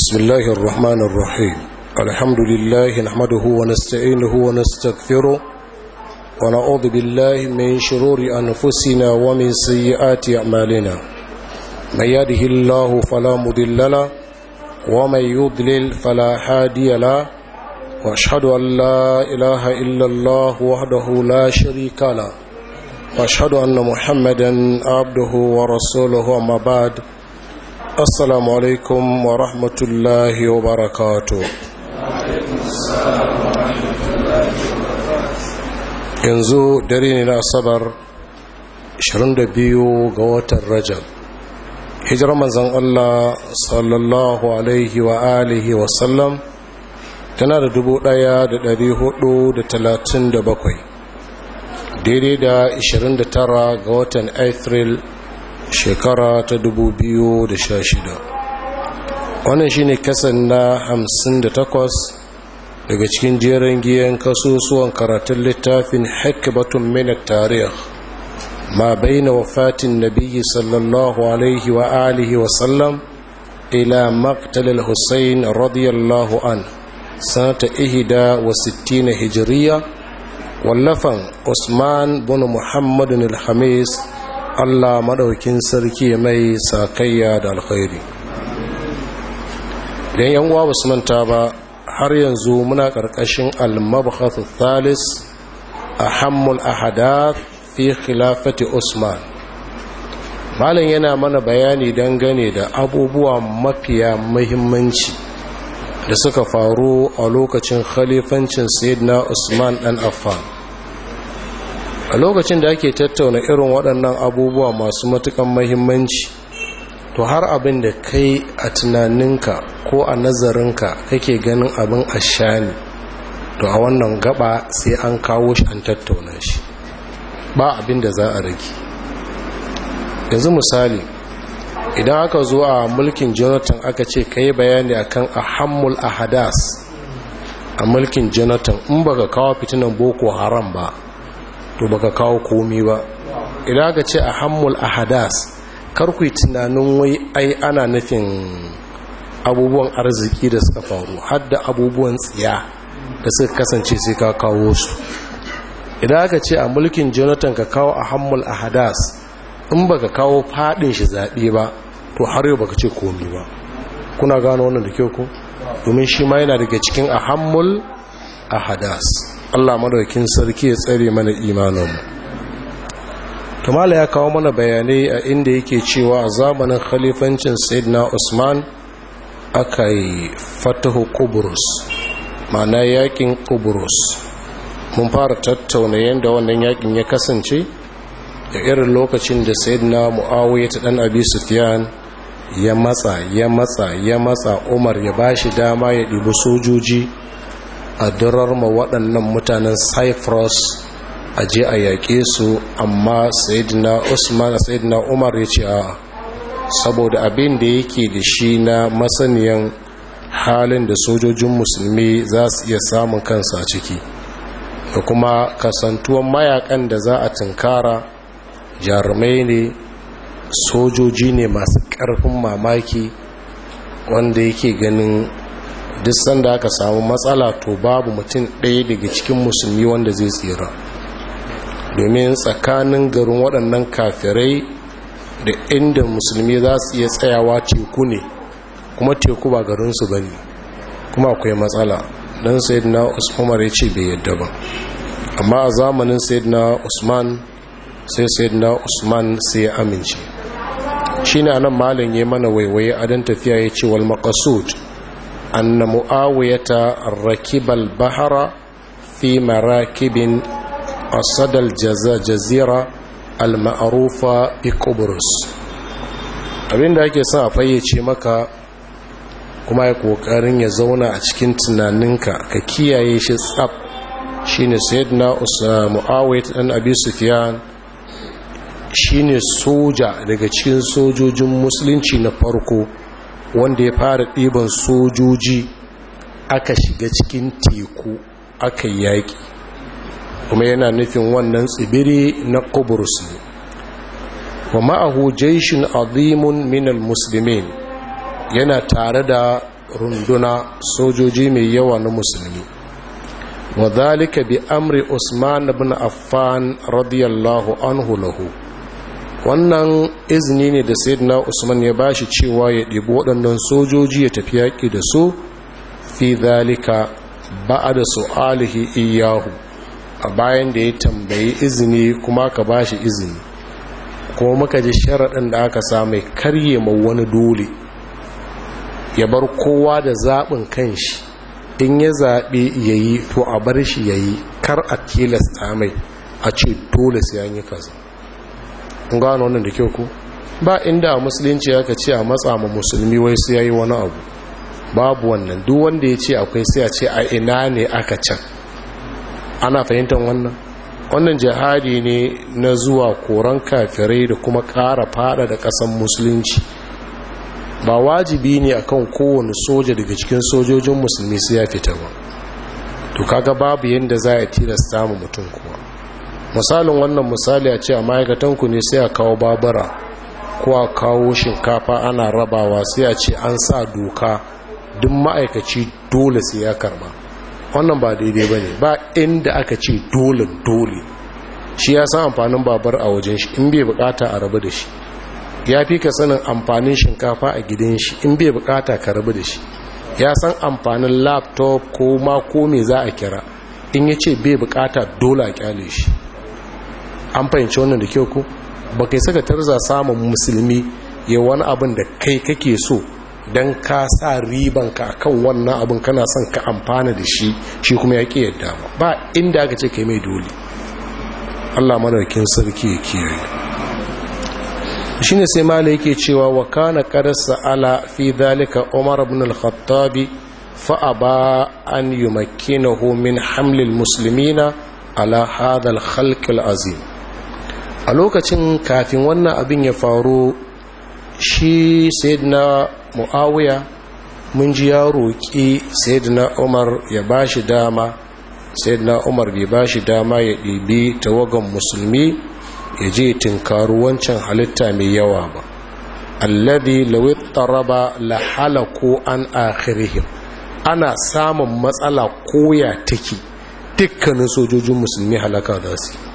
بسم الله الرحمن الرحيم الحمد لله نحمده ونستعينه ونستغفره ونعوذ بالله من شرور أنفسنا ومن سيئات أعمالنا من يده الله فلا مضل له ومن يضلل فلا هادي له واشهد أن لا إله إلا الله وحده لا شريك له واشهد أن محمدا عبده ورسوله أما بعد assalamu alaikum wa rahmatullahi wa yanzu dare ne na asabar 22 ga watan rajab hijirar manzan Allah sallallahu alaihi wa alihi wa sallam tana da 1437 daidai da 29 ga watan april shekara ta 2016 wannan shine kasan na 58 daga cikin jerin giyan kasusuwan karatun littafin min minat tarih ma baina wafatin nabiyyi sallallahu alaihi wa alihi wa sallam ila maqtalil husayn radiyallahu an sanata ihda wa sittina hijriya wallafan usman bin muhammadin al-hamis Allah maɗaukin sarki mai sakayya da alkhairi idan yan uwa basu manta ba har yanzu muna ƙarƙashin al-mabhath thalis ahammul ahadath fi khilafati usman malam yana mana bayani dangane da abubuwa mafiya muhimmanci da suka faru a lokacin khalifancin sayyidina usman dan affan a lokacin da ake tattauna irin waɗannan abubuwa masu matukan mahimmanci to har abin da kai a tunaninka ko a nazarinka kake ganin abin a shani to a wannan gaba sai an kawo shi an tattauna shi ba abin da za a rage yanzu misali idan aka zo a mulkin jonathan aka ce ka yi bayani akan a ahadas a mulkin jonathan in baka kawo fitinan boko haram ba to baka kawo komi ba idan ka ce a hammul ahadas karku yi tunanin wai ai ana nufin abubuwan arziki da suka faru hadda abubuwan tsiya da suka kasance sai ka kawo su idan aka ce a mulkin jonathan ka kawo a hammul ahadas in baka kawo fadin shi zaɓe ba to har yau baka ce komi ba kuna gano wannan da kyau ko domin shi ma yana daga cikin a hammul ahadas Allah madaukin sarki ya tsare mana imanin tumala ya kawo mana bayanai a inda yake cewa a zamanin khalifancin sayyidina usman aka yi fatahu kuburus ma'ana yakin kuburus mun fara tattauna yadda wannan yakin ya kasance da irin lokacin da sayyidina muawiya ta dan abi sufyan ya matsa ya matsa ya matsa umar ya bashi dama ya ɗibi sojoji a durar ma waɗannan mutanen cyprus a je a yaƙe su amma sayidina usman sayidina umar ya ce a saboda abin da yake da shi na masaniyan halin da sojojin musulmi za su iya samun kansa a ciki da kuma kasantuwan mayakan da za a tunkara jarumai ne sojoji ne masu ƙarfin mamaki wanda yake ganin duk sanda aka samu matsala to babu mutum ɗaya daga cikin musulmi wanda zai tsira domin tsakanin garin waɗannan kafirai da inda musulmi za su iya tsayawa teku ne kuma teku ba garinsu ba ne kuma akwai matsala don sayidina usman ya ce bai yadda ba amma a zamanin sayidina usman sai sayidina usman sai ya amince shi ne anan malin ya mana waiwaye adon tafiya ya ce wal makasud anna mu'awiyata rakibal bahara fi marakibin asadal jazira al-ma'arufa Abin da abinda ake son a fayyace maka kuma ya kokarin ya zauna a cikin tunaninka ka kiyaye shi tsab shine sayyidina mu'awiyat dan abi Shi shine soja daga cikin sojojin musulunci na farko wanda ya fara ɗiban sojoji aka shiga cikin teku aka yi yaƙi kuma yana nufin wannan tsibiri na kuburus ne wa ma'ahu jaishin azimun minal musulmin yana tare da runduna sojoji mai yawa na musulmi wa zalika bi amri usman bin affan radiyallahu anhu lahu wannan izini ne da sayyidina usman ya bashi cewa ya ɗibo waɗannan sojoji ya tafi yaƙi da su fi zalika ba'a da su'alihi iyahu a bayan da ya tambayi izini kuma ka bashi izini kuma muka ji sharaɗin da aka sa mai karye ma wani dole ya bar kowa da zaɓin kanshi in ya zaɓe ya yi to a bar shi ya yi kar a tilasta mai a ce dole sai an yi kaza kun gano wannan da kyau ko ba inda musulunci ya ce a matsa ma musulmi wai su yayi wani abu babu wannan duk wanda ya ce akwai sai a ce a ina ne aka can ana fahimtar wannan wannan jihadi ne na zuwa koran kafirai da kuma ƙara fada da ƙasan musulunci ba wajibi ne akan kowane soja daga cikin sojojin musulmi su ya fita ba to kaga babu yadda za a tilasta mu mutum kuwa misalin wannan misali a ce a ma'aikatan ku ne sai a kawo babura ko a kawo shinkafa ana rabawa sai a ce an sa doka duk ma'aikaci dole sai ya karba wannan ba daidai ba ne ba inda aka ce dole dole shi ya san amfanin babar a wajen shi in bai bukata a rabu da shi ya fi ka sanin amfanin shinkafa a gidan shi in bai bukata ka rabu da shi ya san amfanin laptop ko ma ko me za a kira in ya ce bai bukata dole a kyale shi an fahimci wannan da kyau ko ba kai saka tarza samun musulmi ya wani abin da kai kake so don ka sa riban ka kan wannan abin kana son ka amfana da shi shi kuma ya ƙi yadda ba ba inda aka ce kai mai dole allah manarkin sarki ya kiyaye shi ne sai mala yake cewa wa kana karasa ala fi dalika umar ibn al-khattabi fa aba an yumakkinahu min hamlil muslimina ala hadha al-khalq al-azim a lokacin kafin wannan abin ya faru shi sayyidina mu'awiya mun ji ya roƙi sayyidina umar ya ba shi dama sayyidina umar bai ba shi dama ya ɗibi tawagan musulmi ya je tinkaru wancan halitta mai yawa ba alladhi law taraba la halaku an akhirihim ana samun matsala koya take dukkanin sojojin musulmi halaka da su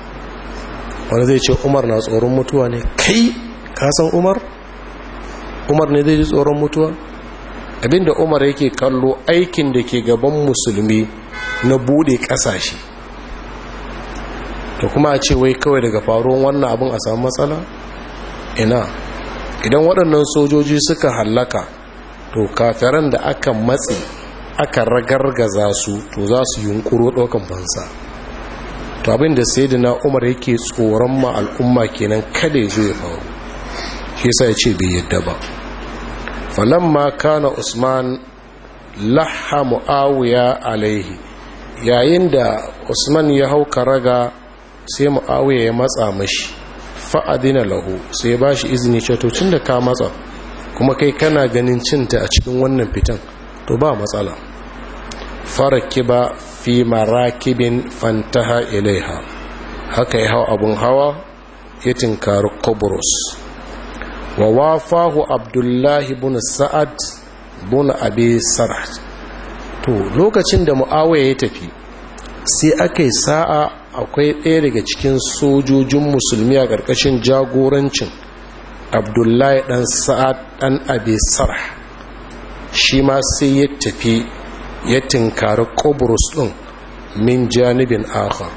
wani zai ce umar na tsoron mutuwa ne kai kasan umar umar ne zai ji tsoron mutuwa abinda umar yake kallo aikin da ke gaban musulmi na bude kasashe da kuma a ce wai kawai daga faruwan wannan abin a samu matsala ina idan waɗannan sojoji suka hallaka to kafiran da aka matse aka ragargaza su to za su yunkuro ɗaukan fansa to abin da na umar yake tsoron ma al'umma kenan kada ya zo ya faru shi yasa ya ce bai yadda ba ma kana usman laha muawiya alaihi yayin da usman ya hau karaga sai muawiya ya matsa mashi fa'adina lahu sai ya shi izini ce to tunda ka matsa kuma kai kana ganin cinta a cikin wannan fitan to ba matsala faraki ba fi marakibin fantaha ilaiha haka ya hau abun hawa ya tinkari kubrus wa wafahu abdullahi bin sa'ad bin abi sarh to lokacin da mu'awiya ya tafi sai aka yi sa'a akwai ɗaya daga cikin sojojin musulmi a ƙarƙashin jagorancin abdullahi ɗan sa'ad ɗan abi sarh shi ma sai ya tafi ya tinkari kobrus ɗin min janibin akhar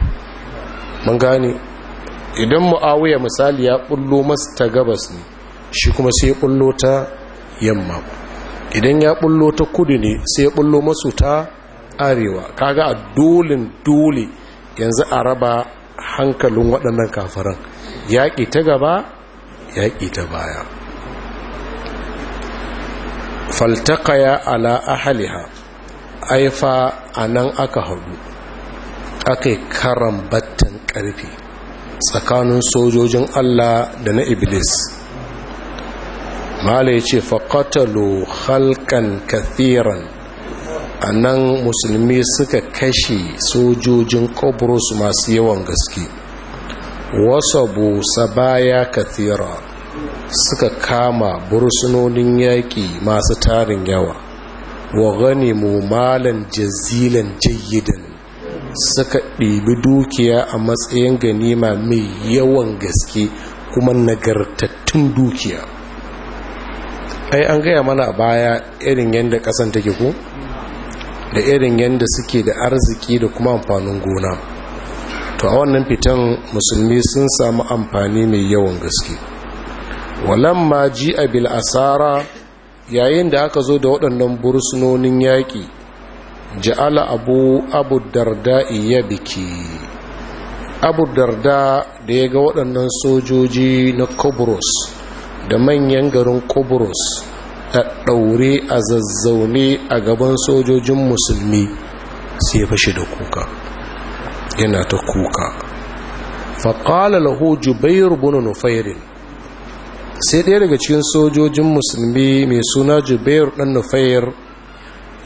mun gane idan mu'awiya misali ya bullo masu ta gabas ne shi kuma sai ya ta yamma idan ya bullo ta kudu ne sai ya bullo masu ta arewa kaga a dolin dole yanzu a raba hankalin waɗannan kafaran yaƙi ta gaba yaƙi ta baya faltakaya ala ahaliha aifa a nan aka haɗu aka yi karan battan ƙarfi tsakanin sojojin allah da na iblis mala ya ce faƙatalo halkan kathiran a nan musulmi suka kashe sojojin kobros masu yawan gaske wasabu sabaya kathira suka kama bursunonin yaƙi masu tarin yawa wa ganimu malan jazilan jayyidan suka ɗibi dukiya a matsayin ganima mai yawan gaske kuma nagartattun dukiya ai an gaya mana baya irin yadda ƙasan take ku da irin yadda suke da arziki da kuma amfanin gona to a wannan fitan musulmi sun samu amfani mai yawan gaske walamma ji abil asara yayin da aka zo da waɗannan bursunonin yaƙi ja'ala abu abu darda iya biki abu darda da ya ga waɗannan sojoji na kobros da manyan garin kobros a ɗaure a zazzaune a gaban sojojin musulmi sai fashe da kuka yana ta kuka faƙala lahu jubair nufairin sai ɗaya daga cikin sojojin musulmi mai suna jubair ɗan nufayar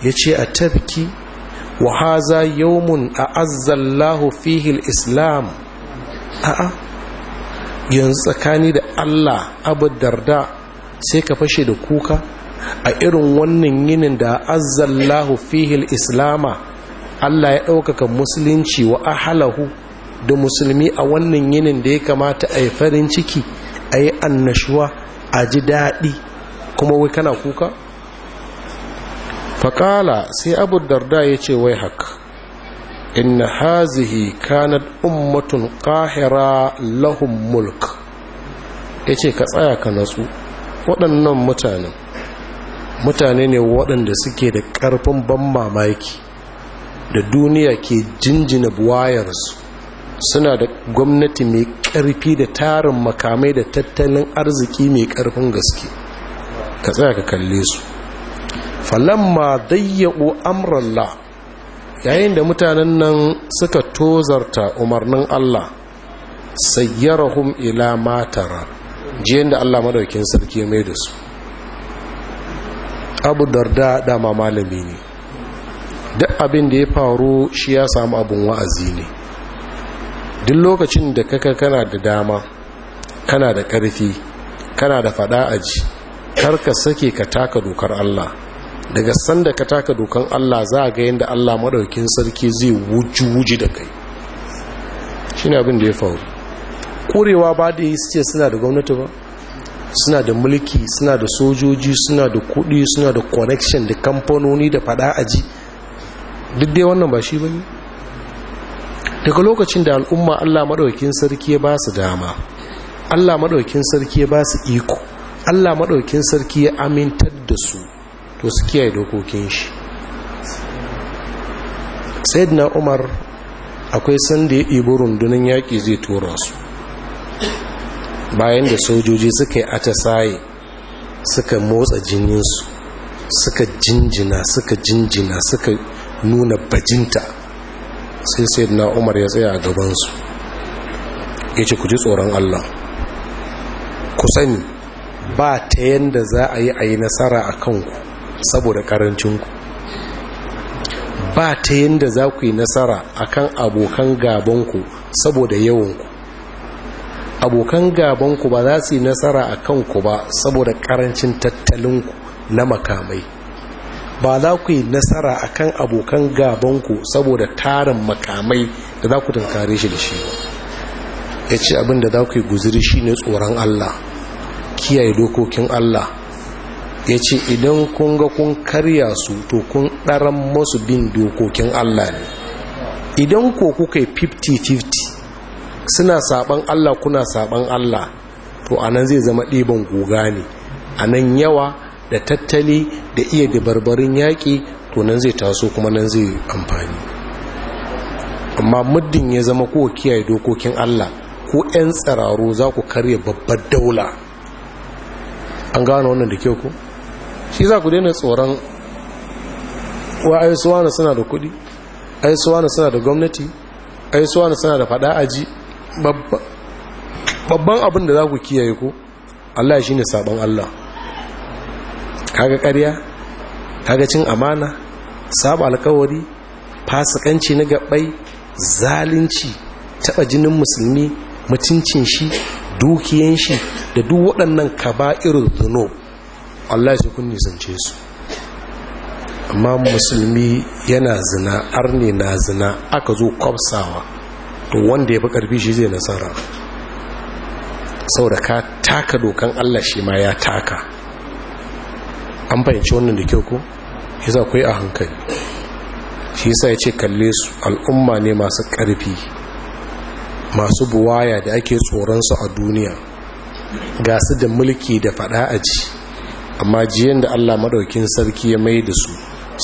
ya ce a tafki wa haza yawmun a azzallahu fihil islam a'a yanzu tsakani da allah abu darda sai ka fashe da kuka a irin wannan yinin da azzallahu fihil islama allah ya ɗaukaka musulunci wa ahalahu da musulmi a wannan yinin da ya kamata a yi farin ciki a yi annashuwa a ji daɗi kuma wai kana kuka? faƙala sai abu darda ya ce wai haka inna hazihi kanad ummatun ƙahira lahun mulk ya ce ka tsaya ka natsu waɗannan mutane, mutane ne waɗanda suke da ƙarfin ban mamaki da duniya ke jinjina buwayarsu suna da gwamnati mai ƙarfi da tarin makamai da tattalin arziki mai ƙarfin gaske ka tsaya ka kalle su falamma dayyaɓo amrallah yayin da mutanen nan suka tozarta umarnin Allah sayyarahum ila matara jiyan da Allah madaukin sarki mai da su abu darda dama malami ne duk abin da ya faru shi ya samu abin wa'azi ne duk lokacin da kaka kana da dama kana da ƙarfi kana da fada aji kar ka sake ka taka dokar Allah daga sanda ka taka dokan Allah za a ga yadda Allah maɗaukin sarki zai wuji-wuji da kai shi ne abin da ya faru ƙurewa ba da yi suke suna da gwamnati ba suna da mulki suna da sojoji suna da kuɗi suna da connection da kamfanoni da fada aji duk dai wannan ba shi ba ne daga lokacin da al'umma Allah maɗaukin sarki ya ba su dama Allah maɗaukin sarki ya ba su iko Allah maɗaukin sarki ya amintar da su to su kiyaye dokokin shi sayyidina umar akwai sanda ya ɗibi rundunan yaƙi zai tura su bayan da sojoji suka yi atasaye suka motsa jininsu suka jinjina suka jinjina suka nuna bajinta sai na umar ya tsaya a gabansu ya ce ku ji tsoron allah ku sani ba ta yadda za a yi a yi nasara a kanku saboda karancinku ba ta yadda za ku yi nasara a kan abokan gabanku saboda yawanku abokan gabanku ba za su yi nasara a kanku ba saboda karancin tattalinku na makamai ba za ku yi nasara a kan abokan gabanku saboda tarin makamai da za ku tankare shi da shi ya ce abin da za ku yi guziri shi ne tsoron Allah kiyaye dokokin Allah ya ce idan kun ga kun karya su to kun ɗaran masu bin dokokin Allah ne idan ko kuka yi 50-50 suna saɓan Allah kuna saɓan Allah to anan zai zama ɗiban guga ne anan yawa da tattali da iya dabarbarin yaƙi to nan zai taso kuma nan zai amfani amma muddin ya zama ko kiyaye dokokin Allah ko 'yan tsararo za ku karya babbar daula an gano wannan da kyau ku shi za ku daina tsoron wa aisuwa na suna da kuɗi aisuwa na suna da gwamnati aisuwa na suna da faɗa aji babban abin da za ku kiyaye ku Allah shi ne sabon Allah kaga ƙarya kaga cin amana saba alkawari fasikanci na gabai zalunci taɓa jinin musulmi mutuncin shi dukiyan shi da duk waɗannan kaba'irul dhunub Allah ya kun nisance su amma musulmi yana zina arne na zina aka zo kwafsawa to wanda ya fi karfi shi zai nasara saboda ka taka dokan Allah shi ma ya taka an fahimci wannan da kyau ko yasa ku yi a hankali shi yasa ya ce kalle su al'umma ne masu ƙarfi masu buwaya da ake tsoronsu a duniya ga su da mulki da faɗa a ji amma jiyan da allah maɗaukin sarki ya mai da su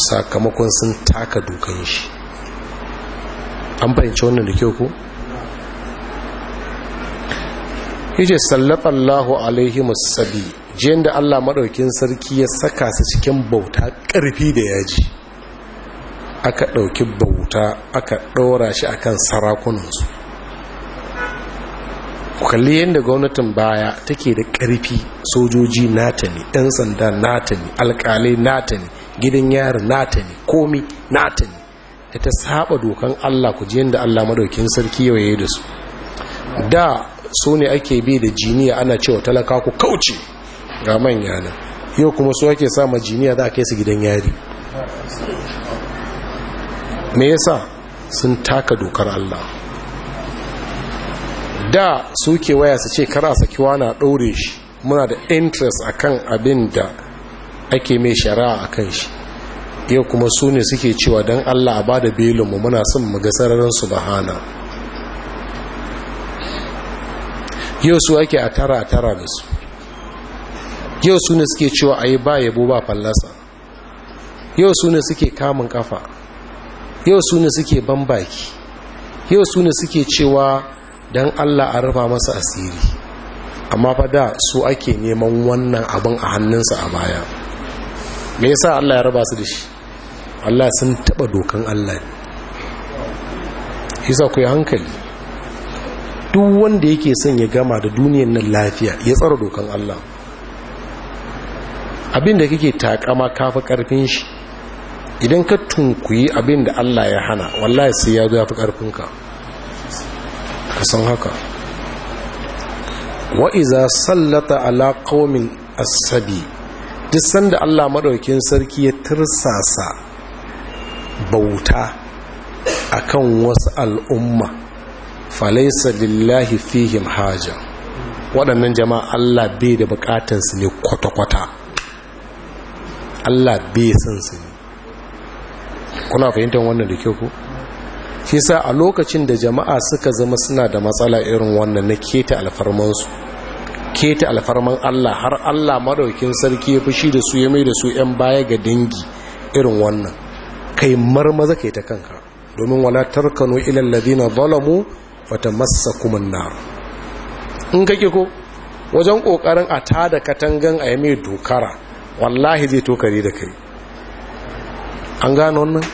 sakamakon sun taka dukan shi an fahimci wannan da kyau ko yace sallafa Allahu alaihi musabi jiyan da allah maɗaukin sarki ya saka su cikin bauta ƙarfi da yaji aka ɗauki bauta aka ɗora shi akan sarakunansu kukalli yadda gwamnatin baya take da ƙarfi sojoji nata ne ɗan sanda nata ne alƙalai nata ne gidan yari nata ne komi nata ne da ta saba dokan allah ku jiyan yadda allah maɗaukin sarki yawaye da su da su ne ake bi da jiniya ana cewa talaka ku kauce ga manya nan yau kuma su ake sa majiniya za a kai su gidan yari me yasa sun taka dokar Allah da suke waya su ce kara sakiwa na ɗaure shi muna da interest akan abin da ake mai shari'a akan shi yau kuma su ne suke cewa don Allah a bada belinmu muna son muga sararin su bahana. yau su ake a tara a tara da su yau su ne suke cewa a yi ba yabo ba fallasa yau su ne suke kamun kafa yau su ne suke banbaki yau su ne suke cewa don allah a rufa masa asiri amma fada su ake neman wannan abin a hannunsa a baya me yasa allah ya raba su da shi allah sun taba dokan allah ne isa ku yi hankali duk wanda yake son ya gama da duniyan nan lafiya ya tsara dokan Allah abin da kake takama kafa karfin shi idan ka tunkuyi abinda Allah ya hana wallahi sai ya zo ya fi ka san haka wa iza sallata ala qaumin asabi duk sanda Allah madaukakin sarki ya tirsasa bauta akan wasu al'umma falaisa lillahi fihim haja waɗannan jama'a Allah bai da bukatansu ne kwata-kwata Allah bai san su ne kuna fahimtar wannan da kyau ku shi sa a lokacin da jama'a suka zama suna da matsala irin wannan na keta alfarmansu keta alfarman Allah har Allah madaukin sarki ya fushi da su ya mai da su yan baya ga dangi irin wannan kai marmaza kai ta kanka domin wala tarkanu ila alladhina zalamu fatamassakum an-nar in kake ko wajen kokarin a tada katangan a yi mai dokara wallahi zai tokare da kai an gano wannan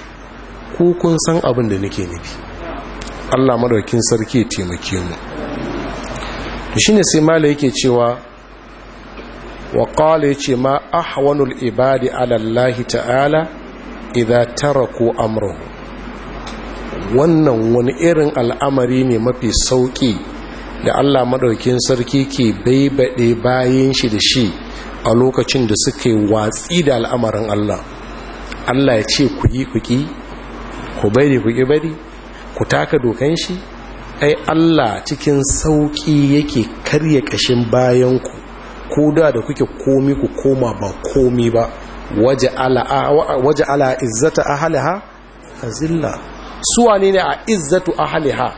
ku kun san abin da nake nufi Allah madaukin sarki ya taimake mu to shine sai mala yake cewa wa qala yace ma ahwanul ibadi ala ta'ala idza taraku amrahu wannan wani irin al'amari ne mafi sauki da Allah madaukin sarki ke baibade bayan shi da shi a lokacin da suke watsi da al'amarin Allah Allah ya ce ku yi ku ku bari ku bari ku taka dokan shi ai Allah cikin sauki yake karya kashin bayanku ko da da kuke komi ku koma ba komi ba waje ala izzata ahliha azilla su wane ne a izzatu ahliha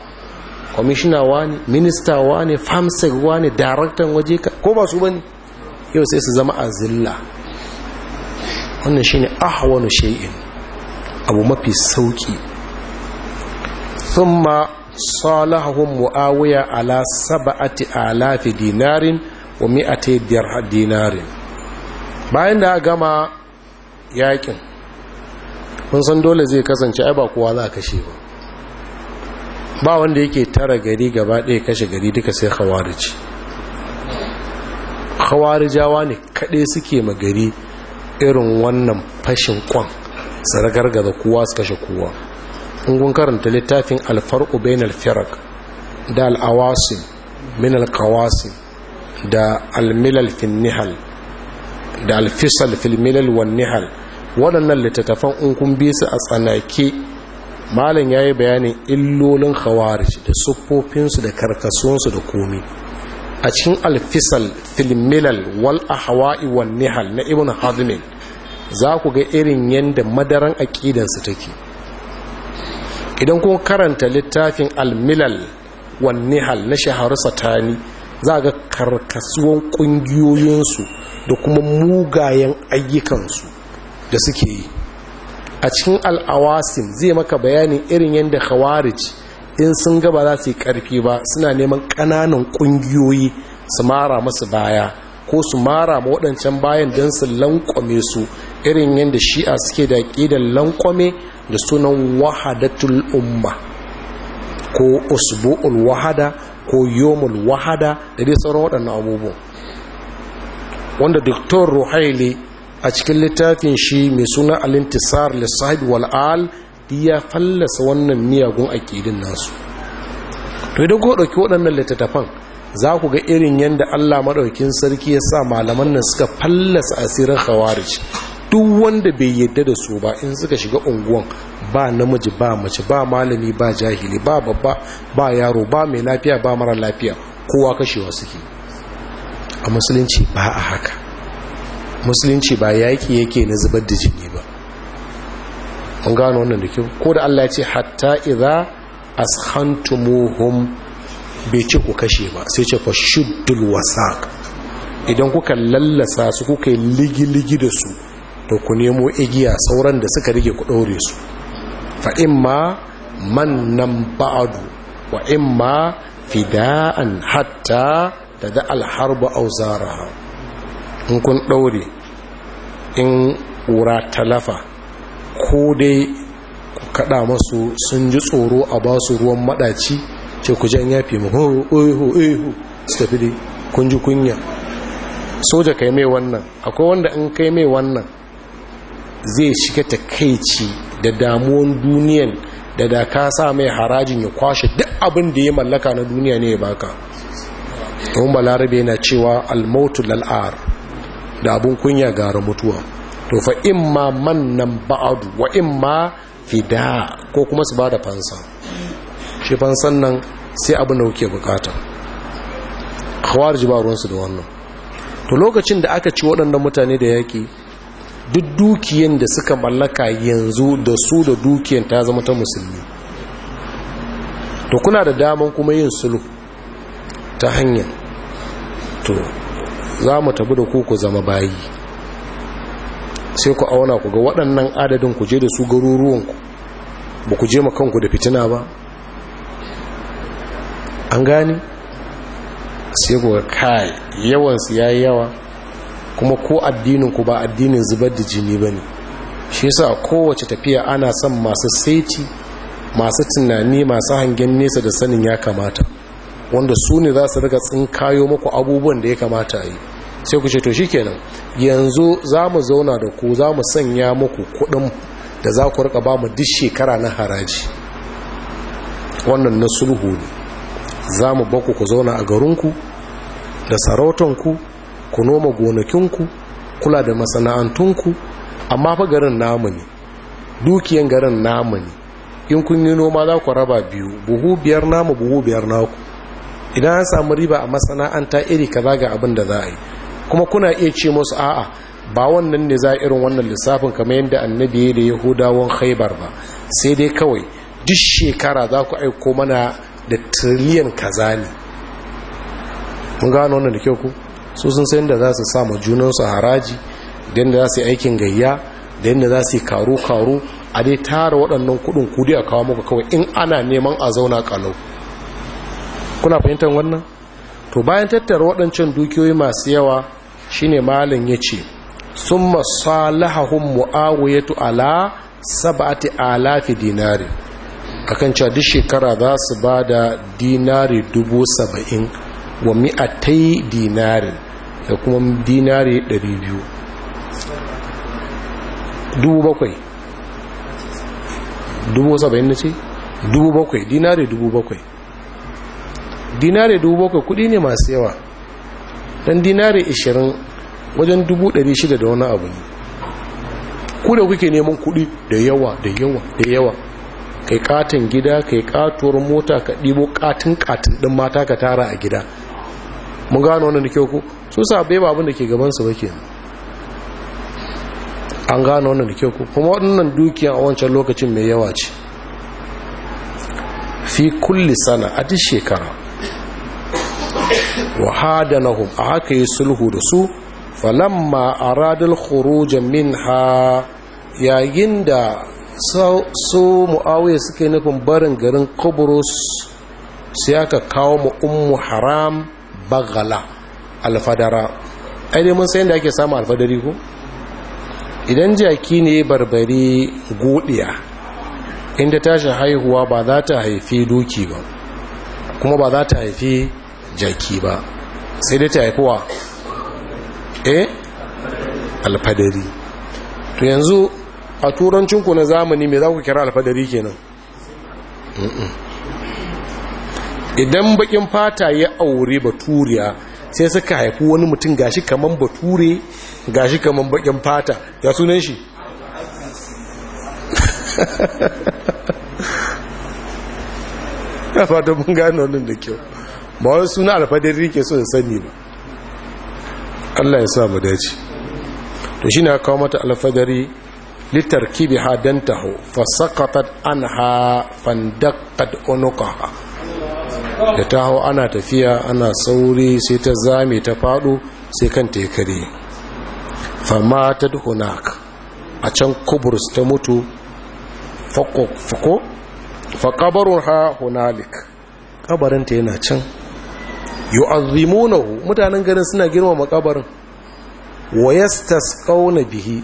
kwamishina wani minista wani famsek wani daraktan waje ko ba su bane yau sai su zama a zilla wannan shine ahwanu shay'in abu mafi sauki thumma salahum muawiya ala sab'ati alafi dinarin wa biyar dinarin bayan da gama yakin kun san dole zai kasance ai ba kowa za a kashe ba ba wanda yake tara gari gaba ɗaya kashe gari duka sai khawarij kawarijawa ne kaɗai suke magari irin wannan fashin kwan sargargaza kowa su kashe kuwa. kun karanta littafin alfar'u bain alfirak da al'awasim min alkawasim da almilal fin nihal da alfisal fil milal waɗannan littattafan in a tsanake malam yi bayanin illolin khawarij da siffofinsu da karkasunsu da komi a cikin alfisal filmilal wal Hawa'i wal nihal na ibn hazmin za ku ga irin yadda madaran aƙidansu take idan kun karanta littafin almilal wal nihal na shaharu satani za ga karkasuwan ƙungiyoyinsu da kuma mugayen ayyukansu da suke yi a cikin al'awasin zai maka bayanin irin yadda khawarij in sun gaba za su yi ƙarfi ba suna neman ƙananan ƙungiyoyi su mara masu baya ko su mara ma waɗancan bayan don su lankwame su irin yadda shi'a suke da ƙidan lankwame da sunan wahadatul umma ko usbu'ul wahada ko yomul wahada da dai sauran waɗannan abubuwan wanda doktor ruhaili a cikin littafin shi mai suna alintisar lissahibi wal'al ya fallasa wannan miyagun aƙidin nasu to idan ko ɗauki waɗannan littattafan za ku ga irin yadda allah maɗaukin sarki ya sa malaman nan suka fallasa asirin khawarij duk wanda bai yadda da su ba in suka shiga unguwan ba namiji ba mace ba malami ba jahili ba babba ba yaro ba mai lafiya ba mara lafiya kowa kashewa suke a musulunci ba a haka musulunci ba yaƙi yake na zubar da jini ba an gano wannan da kyau ko da Allah ya ce hatta idza askhantumuhum bai ce ku kashe ba sai ce fa shuddul wasaq idan kuka lallasa su kuka yi ligi-ligi da su to ku nemo igiya sauran da suka rige ku ɗaure su fa imma nan ba'adu wa imma fida'an hatta da da alharba auzaraha in kun ɗaure in wura talafa ko dai ku kada masu sun ji tsoro a ba su ruwan madaci ce ku jan yafi mu ho ho ho su tafi dai kun ji kunya soja kai mai wannan akwai wanda in kai mai wannan zai shiga takaici da damuwan duniyan da da ka sa mai harajin ya kwashe duk abin da ya mallaka na duniya ne ya baka don balarabe na cewa almautu lal'ar da abin kunya gara mutuwa to fa imma mannan ba'adu wa imma fida ko kuma su ba da fansa shi fansan nan sai abu da kuke bukata khawarij ba ruwansu da wannan to lokacin da aka ci waɗannan mutane da yaki duk dukiyan da suka mallaka yanzu da su da dukiyan ta zama ta musulmi to kuna da daman kuma yin sulhu ta hanyar to za mu tabi da ku ku zama bayi sai ku auna ku ga waɗannan adadin ku je da su garuruwanku ba ku je makanku da fitina ba an gani sai ku ga kai yawansu ya yi yawa kuma ko ku ba addinin zubar da jini ba ne shi yasa kowace tafiya ana son masu saiti masu tunani masu hangen nesa da sanin ya kamata wanda su ne za su riga tsinkayo muku abubuwan da ya kamata a yi sai ku ce to shikenan yanzu zamu zauna da ku zamu sanya muku kuɗin da za ku rika ba mu duk shekara na haraji wannan na sulhu ne zamu mu baku ku zauna a garinku da sarautanku ku noma gonakinku kula da masana'antunku amma fa garin namu ne dukiyan garin namu ne in kun yi noma za ku raba biyu buhu biyar namu buhu biyar naku idan an samu riba a masana'anta iri kaza ga abin da za a yi kuma kuna iya ce musu a'a ba wannan ne za irin wannan lissafin kamar yadda annabi da yahudawan haibar ba sai dai kawai duk shekara za ku aiko mana da tiriliyan kaza ne mun gano wannan da kyau ku su sun sayan da za su sa junansu haraji da yadda za su yi aikin gayya da yadda za su yi karo-karo a dai tara waɗannan kuɗin kudi a kawo muku kawai in ana neman a zauna kalau kuna fahimtar wannan to bayan tattara waɗancan dukiyoyi masu yawa shine malin ya ce sun masalahahun mu'awuyatu ala saba'ati alafi dinari akan cewa duk shekara za su ba da dinari dubu saba'in wa mi'atai dinari da kuma dinari ɗari biyu dubu bakwai dubu saba'in na ce dubu bakwai dinari dubu bakwai dinari dubu bakwai kudi ne masu yawa dan dinari 20 wajen 600 da wani abu ne ku da kuke neman kuɗi da yawa da yawa da yawa kai katin gida kai katuwar mota ka ɗibo katin katin ɗin mata ka tara a gida mun gano wannan da kyau ku su bai ba abin da ke gabansu ba ke an gano wannan da kyau ku kuma waɗannan dukiya a wancan lokacin mai yawa ce fi kulli sana a duk shekara wa hadanahum a haka yi sulhu da su falamma aradul min ha yayin da su muawiya suke nufin barin garin Kubrus sai aka kawo muummu haram bagala alfadara ainihin mun san da ake samu alfadari ku idan jaki ne barbari godiya inda tashin haihuwa ba za ta haifi doki ba kuma ba za ta haifi jaki ba sai dai ta haifuwa eh alfadari to yanzu a turancinku na zamani mai za ku kira alfadari kenan idan bakin fata ya aure baturiya sai suka haifi wani mutum gashi kaman bature gashi kaman bakin fata ya sunan shi ya fata mun gano nan da kyau ba wani suna alfadari ke so sani ba Allah ya sa mu daji. to shine aka kawo mata alfadari kibi ha dan taho fa saqatat anha fandaqqat unuqaha da taho ana tafiya ana sauri sai ta zame ta fado sai kan ya kare fa matat a can kubrus ta mutu fako fako fakabarun ha hunalik kabarinta yana can yu'azzimunahu mutanen garin suna girmama makabarin wa yastasqawna bihi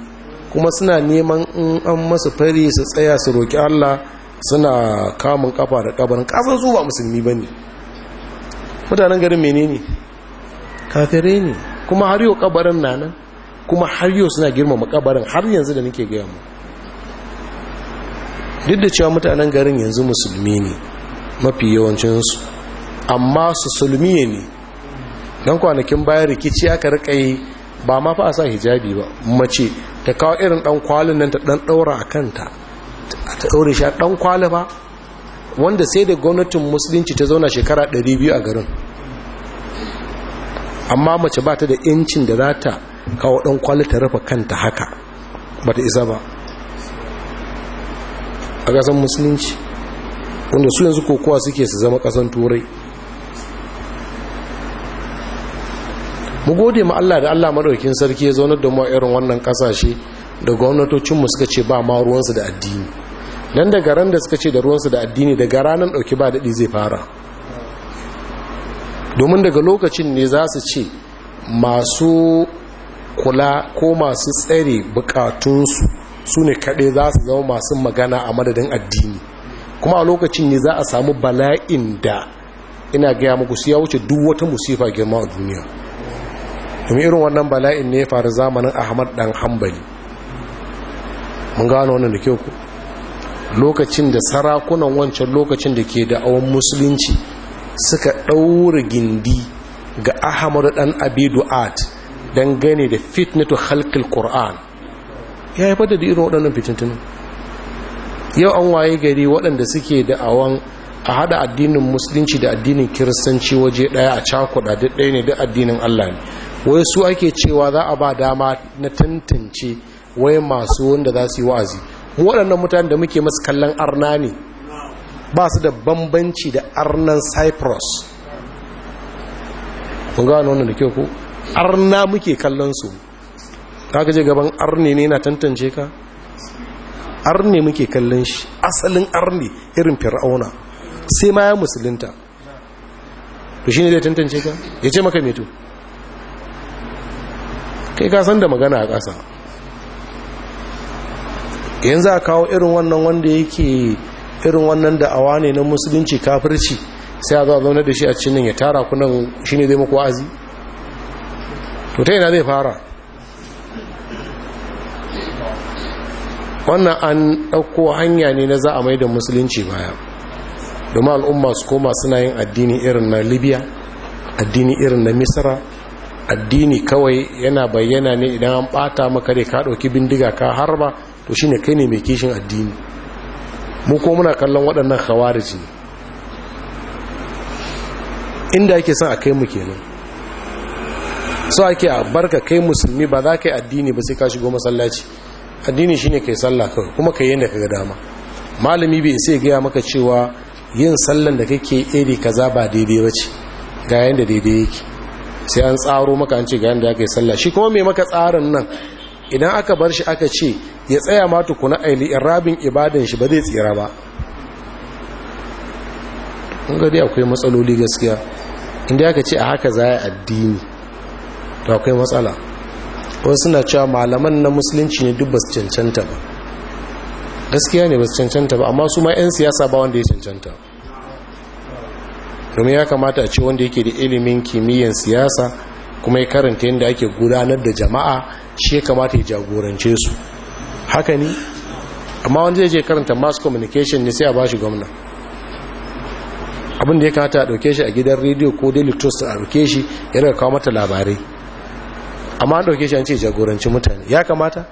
kuma suna neman in an masu fari su tsaya su roƙi Allah suna kamun kafa da kabarin kasan su ba musulmi ne. mutanen garin menene kafire ne kuma har yau kabarin na nan kuma har yau suna girmama makabarin har yanzu da nake gaya mu duk da cewa mutanen garin yanzu musulmi ne mafi yawancinsu amma su sulmi ne don kwanakin bayan rikici aka rika yi ba ma fa a sa hijabi ba mace ta kawo irin dan kwalin nan ta dan daura a kanta ta daure shi a dan kwali ba wanda sai da gwamnatin musulunci ta zauna shekara 200 a garin amma mace ba ta da incin da za ta kawo dan kwali ta rufe kanta haka ba ta isa ba a kasan musulunci wanda su yanzu kokowa suke su zama kasan turai mu gode ma Allah da Allah madaukakin sarki ya zaunar da mu a irin wannan kasashe da gwamnatocin mu suka ce ba ma ruwansu da addini nan daga ran da suka ce da su da addini daga ranan dauki ba dadi zai fara domin daga lokacin ne za su ce masu kula ko masu tsare bukatun su ne kaɗai za su zama masu magana a madadin addini kuma a lokacin ne za a samu bala'in da ina gaya muku su ya wuce duk wata musifa girma a duniya domin irin wannan bala'in ne ya faru zamanin ahmad dan hambali mun gano wannan da ke ku lokacin da sarakunan wancan lokacin da ke da awon musulunci suka ɗaura gindi ga ahmadu dan abidu art don gane da fitnatu halkil ƙoran ya haifar da irin waɗannan fitintunan yau an waye gari waɗanda suke da awon a haɗa addinin musulunci da addinin kiristanci waje ɗaya a cakuɗa duk ɗaya ne duk addinin allah ne wai su ake cewa za a ba dama na tantance wai masu wanda za su yi wa'azi waɗannan mutane da muke masu kallon arna ne ba su da bambanci da arnan cyprus kun gano wannan da kyau ko arna muke kallon su kaga je gaban arne ne na tantance ka arne muke kallon shi asalin arne irin fir'auna sai ma ya musulunta to shine zai tantance ka ya ce maka me kai ka san da magana a ƙasa yanzu a kawo irin wannan wanda yake irin wannan da awa ne na musulunci kafirci sai a zaune da shi a cinin ya tara kunan shi ne zai maku azi to ta yana zai fara wannan an ɗauko hanya ne na za a mai da musulunci baya domin al'umma su koma suna yin addini irin na libya addini irin na misira. addini kawai yana bayyana ne idan an bata maka ne ka dauki bindiga ka harba to shine kai ne mai kishin addini mu ko muna kallon waɗannan khawariji inda yake son a kai mu kenan so ake a barka kai musulmi ba za ka yi addini ba sai ka shigo masallaci addini shine kai sallah kawai kuma kai yanda kaga dama malami bai sai gaya maka cewa yin sallan da kake iri kaza ba daidai ba ce ga yanda daidai yake sai an tsaro maka an ce ga yadda aka yi sallah shi kuma mai maka tsarin nan idan aka bar shi aka ce ya tsaya ma tukuna aili rabin ibadan shi ba zai tsira ba kun ga dai akwai matsaloli gaskiya inda aka ce a haka za a addini to akwai matsala wasu suna cewa malaman na musulunci ne duk ba su cancanta ba gaskiya ne ba su cancanta ba amma su ma 'yan siyasa ba wanda ya cancanta domin ya kamata a ce wanda yake da ilimin kimiyyar siyasa kuma ya karanta yadda ake gudanar da jama'a shi ya kamata ya jagorance su haka ne amma wanda zai je karanta mass communication ne sai a ba shi gwamna abin da ya kamata a ɗauke shi a gidan rediyo ko daily toast a ɗauke shi ya daga kawo mata labarai amma an ɗauke shi an ce jagoranci mutane ya kamata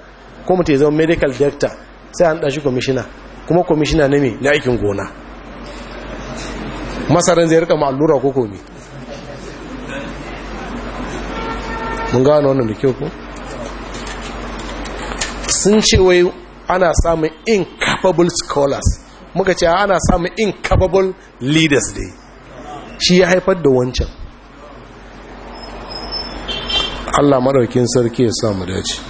ko mutu ya zama medical doctor sai an ɗashi kwamishina kuma kwamishina ne mai aikin gona masarin zai rika allura ko komi mun gano wannan da kyau ko sun ce wai ana samun incapable scholars muka ce ana samun incapable leaders dai shi ya haifar da wancan Allah maraukin sarki ya samu dace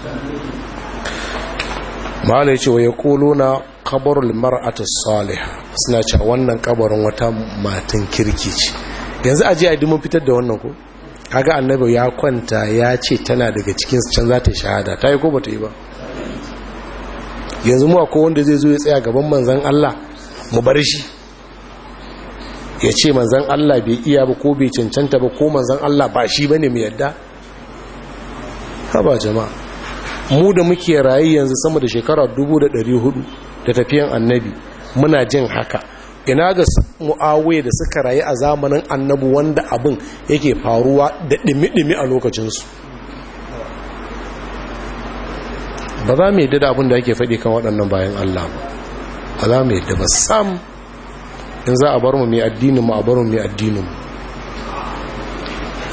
ma'ana ya ce wa ya na kabarul mar'ata salih suna ce wannan kabarin wata matan kirki ce yanzu aje a dimin fitar da wannan ko kaga annabi ya kwanta ya ce tana daga cikin can za ta shahada ta yi ko bata yi ba yanzu mu ko wanda zai zo ya tsaya gaban manzon Allah mu bar shi ya ce manzan Allah bai iya ba ko bai cancanta ba ko manzan Allah ba shi bane mai yadda ba jama'a mu da muke rayu yanzu sama da shekara 1400 da tafiyan annabi muna jin haka ina ga mu'awiyya da suka rayu a zamanin annabi wanda abin yake faruwa da ɗimi-ɗimi a lokacinsu ba za mu yi da abin da yake faɗi kan waɗannan bayan Allah ba za mu yi ba sam in za a bar mu mai addinin mu a bar mu mai addinin mu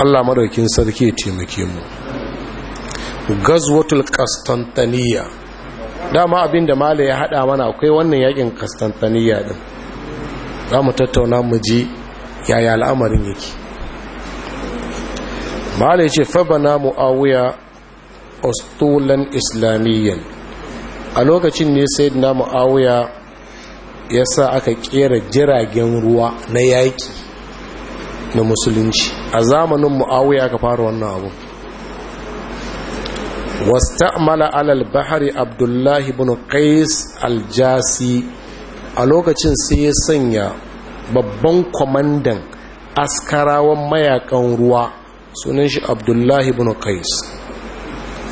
Allah maɗaukin sarki ya taimake mu gazwatul Kastantaniya. dama abin da mala ya hada mana akwai wannan yakin kastantaniya din za mu tattauna mu ji yaya al'amarin yake mala ya ce fabana mu'awiya ostulan islamiyyan a lokacin ne sai na mu'awiya ya sa aka kera jiragen ruwa na yaki na musulunci a zamanin mu'awiya aka fara wannan abu wasta'mala alal bahari abdullahi بن qais aljasi a lokacin sai ya sanya babban kwamandan askarawan mayakan ruwa sunan shi abdullahi ibn qais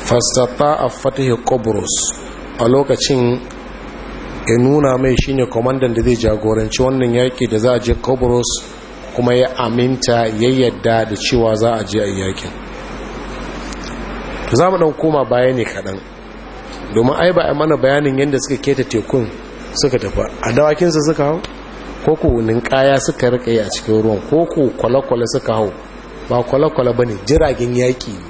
fastata a fatihi kobros a lokacin ya nuna mai shine kwamandan da zai jagoranci wannan yaki da za a je kobros kuma ya aminta ya yadda da cewa za a je a yakin to za mu ɗan koma baya ne kaɗan domin ai ba a mana bayanin yadda suka keta tekun suka tafi a dawakinsa suka hau ko ku ninkaya suka rika yi a cikin ruwan ko ku kwale-kwale suka hau ba kwale-kwale ba ne jiragen yaƙi ne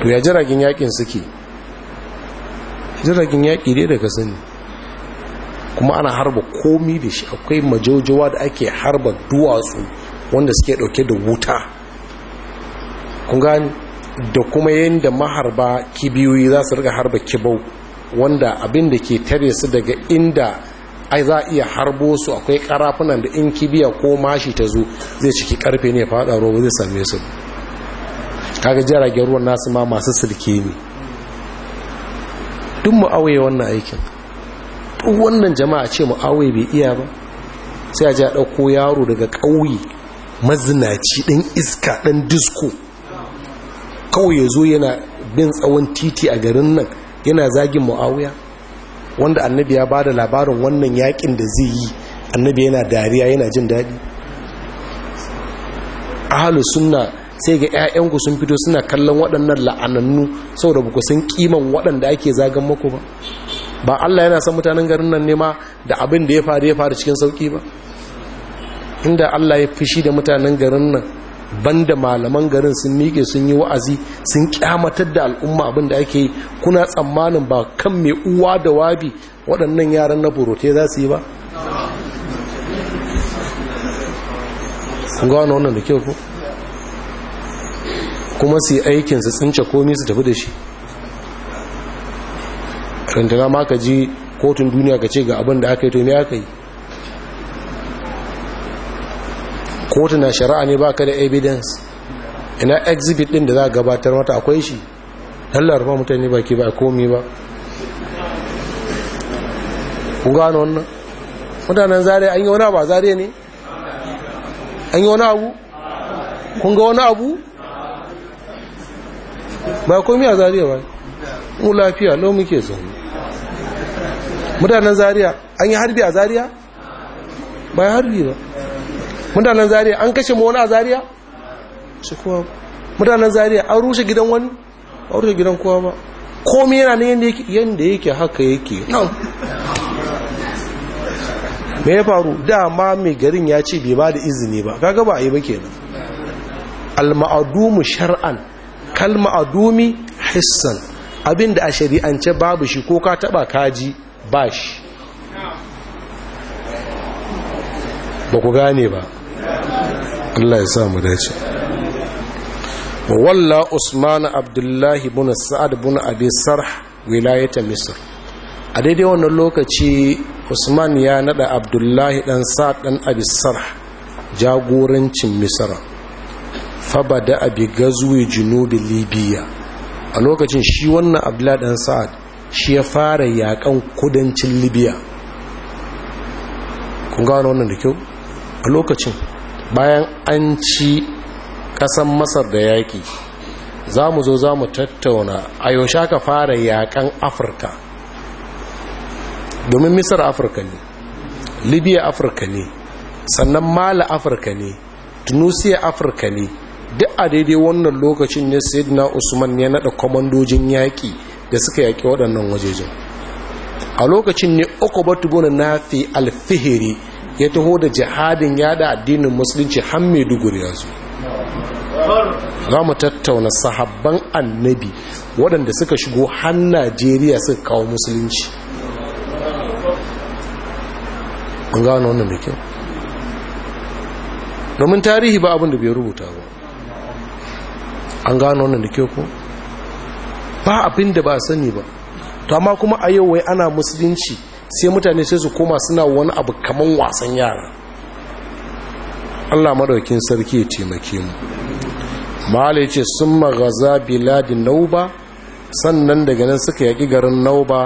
to ya jiragen yaƙin suke jiragen yaƙi dai daga sani kuma ana harba komi da shi akwai majojowa da ake harba duwatsu wanda suke ɗauke da wuta kun gani da kuma yadda maharba kibiyoyi za su riga harba kibau wanda abin da ke tare su daga inda ai za iya harbo su akwai karafunan da in kibiya ko mashi ta zo zai ciki karfe ne fada ruwa zai same su kaga jiragen ruwan nasu ma masu sulke ne duk mu wannan aikin duk wannan jama'a ce mu bai iya ba sai a ji a ɗauko yaro daga ƙauye mazinaci ɗan iska ɗan disko kawai ya zo yana bin tsawon titi a garin nan yana zagin mu'awiya wanda annabi ya bada labarin wannan yakin da zai yi annabi yana dariya yana jin daɗi ahalus suna, sai ga 'ya'yanku sun fito suna kallon waɗannan la'anannu saboda da san kiman waɗanda ake zagan maku ba ba Allah yana son mutanen garin nan ne ma da abin da ya faru ya faru cikin sauki ba inda Allah ya fishi da mutanen garin nan banda malaman garin sun miƙe sun yi wa'azi sun kyamatar da al'umma abinda ake yi kuna tsammanin ba kan mai uwa da wabi waɗannan yaran na burote za su yi ba ga wani wannan da kyau ku kuma su yi aikin su tsince komi su tafi da shi rintana ma ka ji kotun duniya ka ce ga abin da aka yi to ne aka yi kotu na shari'a ne baka da evidence ina exhibit din da za gabatar mata akwai shi Allah rufa mutane baki ba komi ba ku gano wannan mutanen zare an yi wani abu a zare ne an yi wani abu kun ga wani abu ba komi a zariya ba mu lafiya lau muke zaune mutanen zariya an yi harbi a zariya ba harbi ba mutanen zariya an kashe ma wani a zariya su kowa mutanen zariya an rushe gidan wani an rushe gidan kowa ba komi yana ne yadda yake haka yake nan me ya faru dama mai garin ya ce bai ba da izini ba kaga ba a yi ba kenan al-ma'adumu shar'an kal ma'adumi hissan abinda a shari'ance babu shi ko ka taba kaji ba shi ba ku gane ba Allah ya sa mu dace walla usman abdullahi bin sa'ad bin abi sarh wilayata misr a daidai wannan lokaci usman ya nada abdullahi dan sa'ad dan abi sarh jagorancin misra fabada abi gazwi junubi libya a lokacin shi wannan abdullahi dan sa'ad shi ya fara yakan kudancin libya kun gano wannan da kyau a lokacin bayan an ci kasan masar da yaƙi za mu zo za mu tattauna a yaushe ka fara yaƙan afirka domin misar afirka ne libya afirka ne sannan mala afirka ne tunisia afirka ne duk a daidai wannan lokacin ne sayyidina usman ya naɗa kwamandojin yaƙi da suka yaki waɗannan wajejen a lokacin ne okobatu na fi alfihiri ya taho da jihadin yada addinin musulunci har maiduguri ya zo za mu tattauna sahabban annabi waɗanda suka shigo har najeriya suka kawo musulunci an gano wannan da kyau domin tarihi ba abin da bai rubuta ba an gano wannan da kyau ko ba abinda ba sani ba to amma kuma a yau wai ana musulunci sai mutane sai su koma suna wani abu kaman wasan yara Allah maɗaukin sarki ya taimake mu malai ce sun magaza biladin nauba sannan daga nan suka yaƙi garin nauba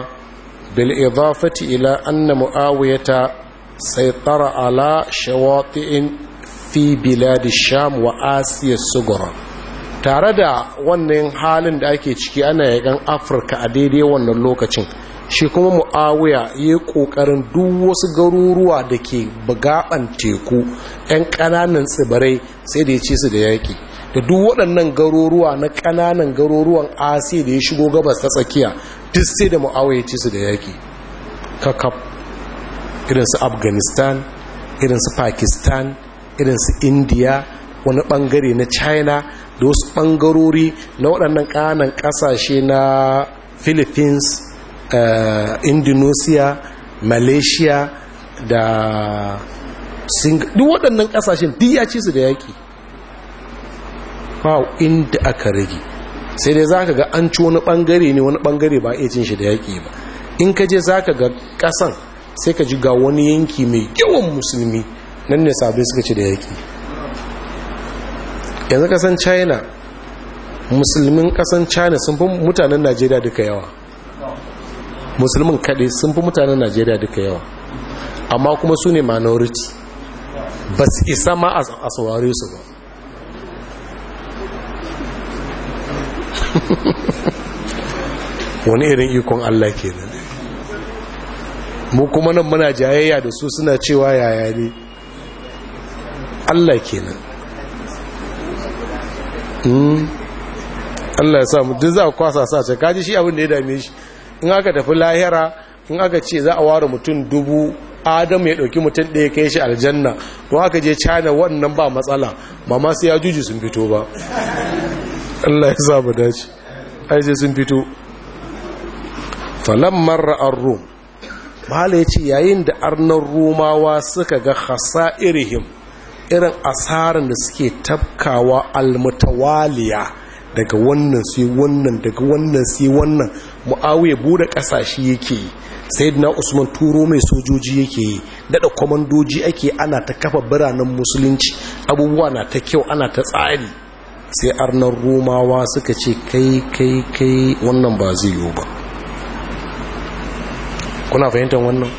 bil idafati ila anna muawiyata saitara ala shawati'in fi biladi sham wa asiya sugura tare da wannan halin da ake ciki ana yakan afirka a daidai wannan lokacin shi kuma mu'awiya ya ƙoƙarin duk wasu garuruwa da ke bugaban teku 'yan ƙananan tsibirai sai da ya ci su da yaƙi da duk waɗannan garuruwa na ƙananan garuruwan asiya da ya shigo gabas ta tsakiya duk sai da mu'awiya ci su da yaƙi kakaf irinsu afghanistan irinsu pakistan irinsu indiya wani ɓangare na china da wasu ɓangarori na waɗannan ƙananan ƙasashe na philippines Eh, indonesia malaysia da duk waɗannan ƙasashen duk ya ci su da yaƙi ba inda aka rage sai dai za ka ga an ci wani ɓangare ne wani ɓangare ba iya cin shi da yaƙi ba in ka je za ka ga ƙasan sai ka ji ga wani yanki mai yawan musulmi nan ne sabbin suka ci da yaƙi yanzu ƙasan china musulmin ƙasan china sun fi mutanen najeriya duka yawa musulmin kaɗai sun fi mutanen najeriya duka yawa amma kuma su ne minority ba su isa ma a saurare su ba wani irin ikon allah kenan mu kuma nan muna jayayya da su suna cewa yaya ne allah kenan hmm. Allah ya samu duk za a kwasa sace kaji shi abin da ya dame shi in aka tafi lahira in aka ce za a ware mutum dubu adam ya ɗauki mutum ɗaya kai shi aljanna to aka je china wannan ba matsala ba ma sai ya juji sun fito ba Allah ya sa dace ai sai sun fito mara an rum mahala ya ce yayin da arnar rumawa suka ga hasa irihim irin asarin da suke tafkawa almutawaliya daga wannan sai wannan daga wannan sai wannan mu'awiya bude kasashe yake yi sayyidina usman turo mai sojoji yake yi dada kwamandoji ake ana ta kafa biranen musulunci abubuwa na ta kyau ana ta tsari sai arnan romawa suka ce kai kai kai wannan ba zai yiwu ba kuna fahimtar wannan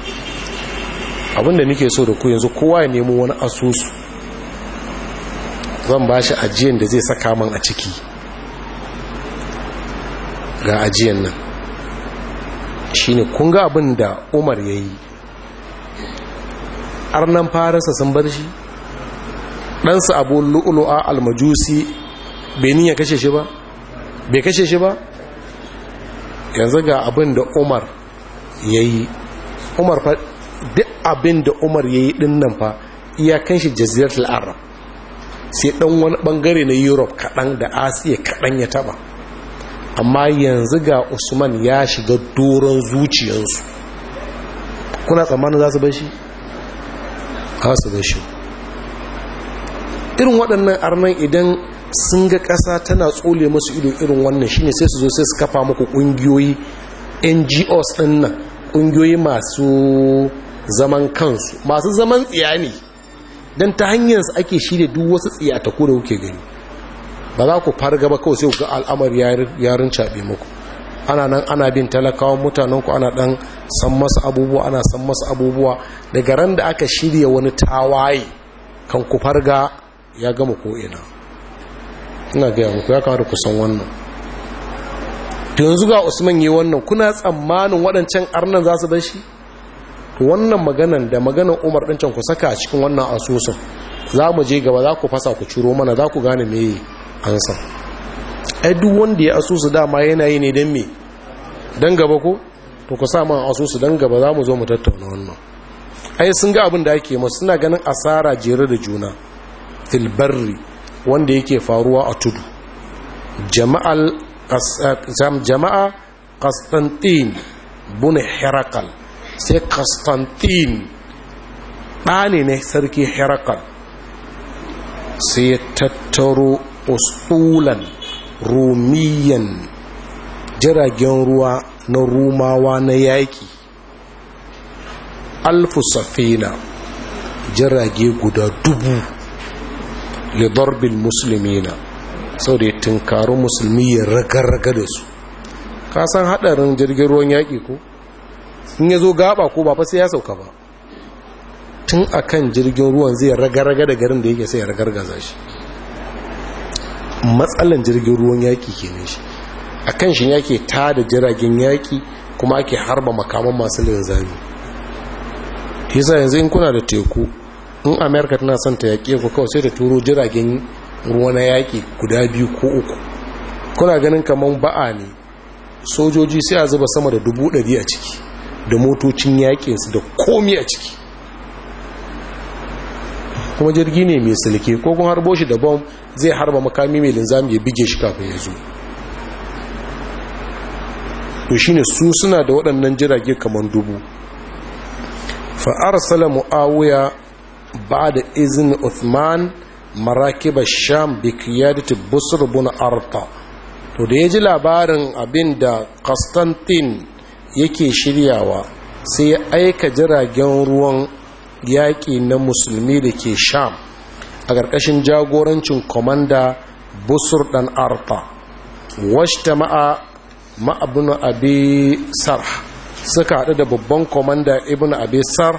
abinda nake so da ku yanzu kowa ya nemo wani asusu zan ba shi ajiyar da zai saka man a ciki ga ajiyan nan shi ne kunga abin da umar ya yi arnan farasa sun bar shi ɗansa abu lu'ulu'a almajusi benin ya kashe shi ba bai kashe shi ba yanzu ga abin da umar ya yi umar fa duk abin da umar ya yi nan fa iyakan shi jaziratul arab sai ɗan wani ɓangare na europe kaɗan da asiya kaɗan ya taɓa amma yanzu ga usman ya shiga doron zuciyarsu kuna tsammanin za su shi? za su shi. irin waɗannan arnan idan sun ga ƙasa tana tsole musu ido irin wannan shine sai su zo sai su kafa muku ƙungiyoyi ngos ɗin nan ƙungiyoyi masu zaman kansu masu zaman tsiya ne don ta hanyarsu ake shirya duk wasu tsiyatako da kuke gani ba za ku farga ba kawai sai ga al'amar yarin caɓe muku ana nan ana bin talakawan mutanenku ana ɗan san masa abubuwa ana san masa abubuwa daga ran da aka shirya wani tawaye kan ku farga ya gama ko'ina ina gaya muku ya kamata ku san wannan yanzu ga usman yi wannan kuna tsammanin waɗancan arnan za su shi? to wannan maganan da maganan umar ɗin ku saka a cikin wannan asusun za mu je gaba za ku fasa ku ciro mana za ku gane meye an san ai duk wanda ya asusu dama yana yi ne don me don gaba ko to ku sa man asusu don gaba za mu zo mu tattauna wannan ai sun ga abin da ake masu suna ganin asara jere da juna filbarri wanda yake faruwa a tudu eh, jama'a kastantin bune herakal sai kastantin ɗane na sarki herakal sai ya tattaro ustulan rumiyan jiragen ruwa na rumawa na yaƙi alfu safina jirage guda dubu lidarbin musulmina sau da ya musulmi ya raga-raga da su kasan haɗarin jirgin ruwan yaƙi ko in ya zo gaba ko ba fa sai ya sauka ba tun akan jirgin ruwan zai raga-raga da garin da yake sai ya za shi matsalan jirgin ruwan yaƙi kenan shi a kan shi yake ta da jiragen yaƙi kuma ake harba makaman masu linzami hisa yanzu in kuna da teku in amerika tana son ta yaƙi ku kawai sai ta turo jiragen ruwa na yaƙi guda biyu ko uku kuna ganin kamar ba'a ne sojoji sai a zuba sama da dubu ɗari a ciki da motocin yakinsu da komi a ciki kuma jirgi ne mai silke ko kuma harbo shi da bom zai harba makami mai linzami ya bige shi kafin ya zo to shine su suna da waɗannan jirage kamar dubu fa arsala muawiya ba'da izini uthman marakiba sham bi qiyadati busr bin arta to da ya ji labarin abin da Constantine yake shiryawa sai ya aika jiragen ruwan yaƙi na musulmi da ke sham a ƙarƙashin jagorancin komanda busur ɗan arta washta ma'a ma'abin abi sar suka haɗu da babban komanda ibn abi sar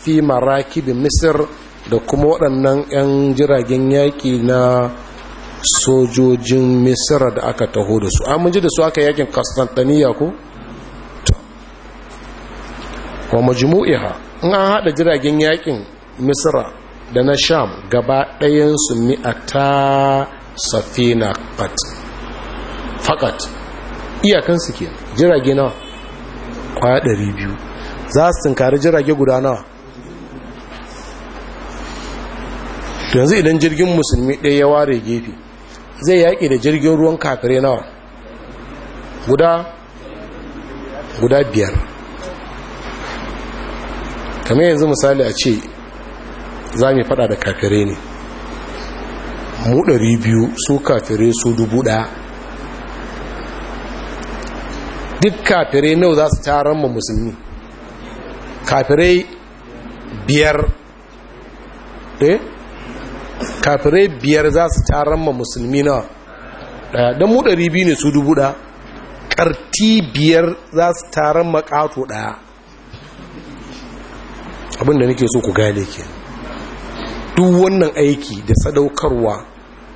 fi maraki bin misir da kuma waɗannan 'yan jiragen yaƙi na sojojin misira da aka taho da su an ji da su aka yakin kastantaniya ko? wa majmu'iha in an haɗa jiragen yaƙin misra da na sham gaba ɗayansu mi'ata safina kat fakat iyakansu ke jirage nawa kwaya ɗari biyu za su tunkari jirage guda nawa yanzu idan jirgin musulmi ɗaya ya ware gefe zai yaƙi da jirgin ruwan kafirai nawa guda biyar kamar yanzu misali a ce za mu fada da kafirai ne mu ɗari biyu su kafirai su dubu ɗaya duk kafirai nau za su taron mu musulmi kafirai biyar eh kafirai biyar za su taron ma musulmi na ɗaya don mu ɗari biyu ne su dubu ɗaya ƙarti biyar za su taron makato ɗaya abinda nake so ku gane ke duk wannan aiki da sadaukarwa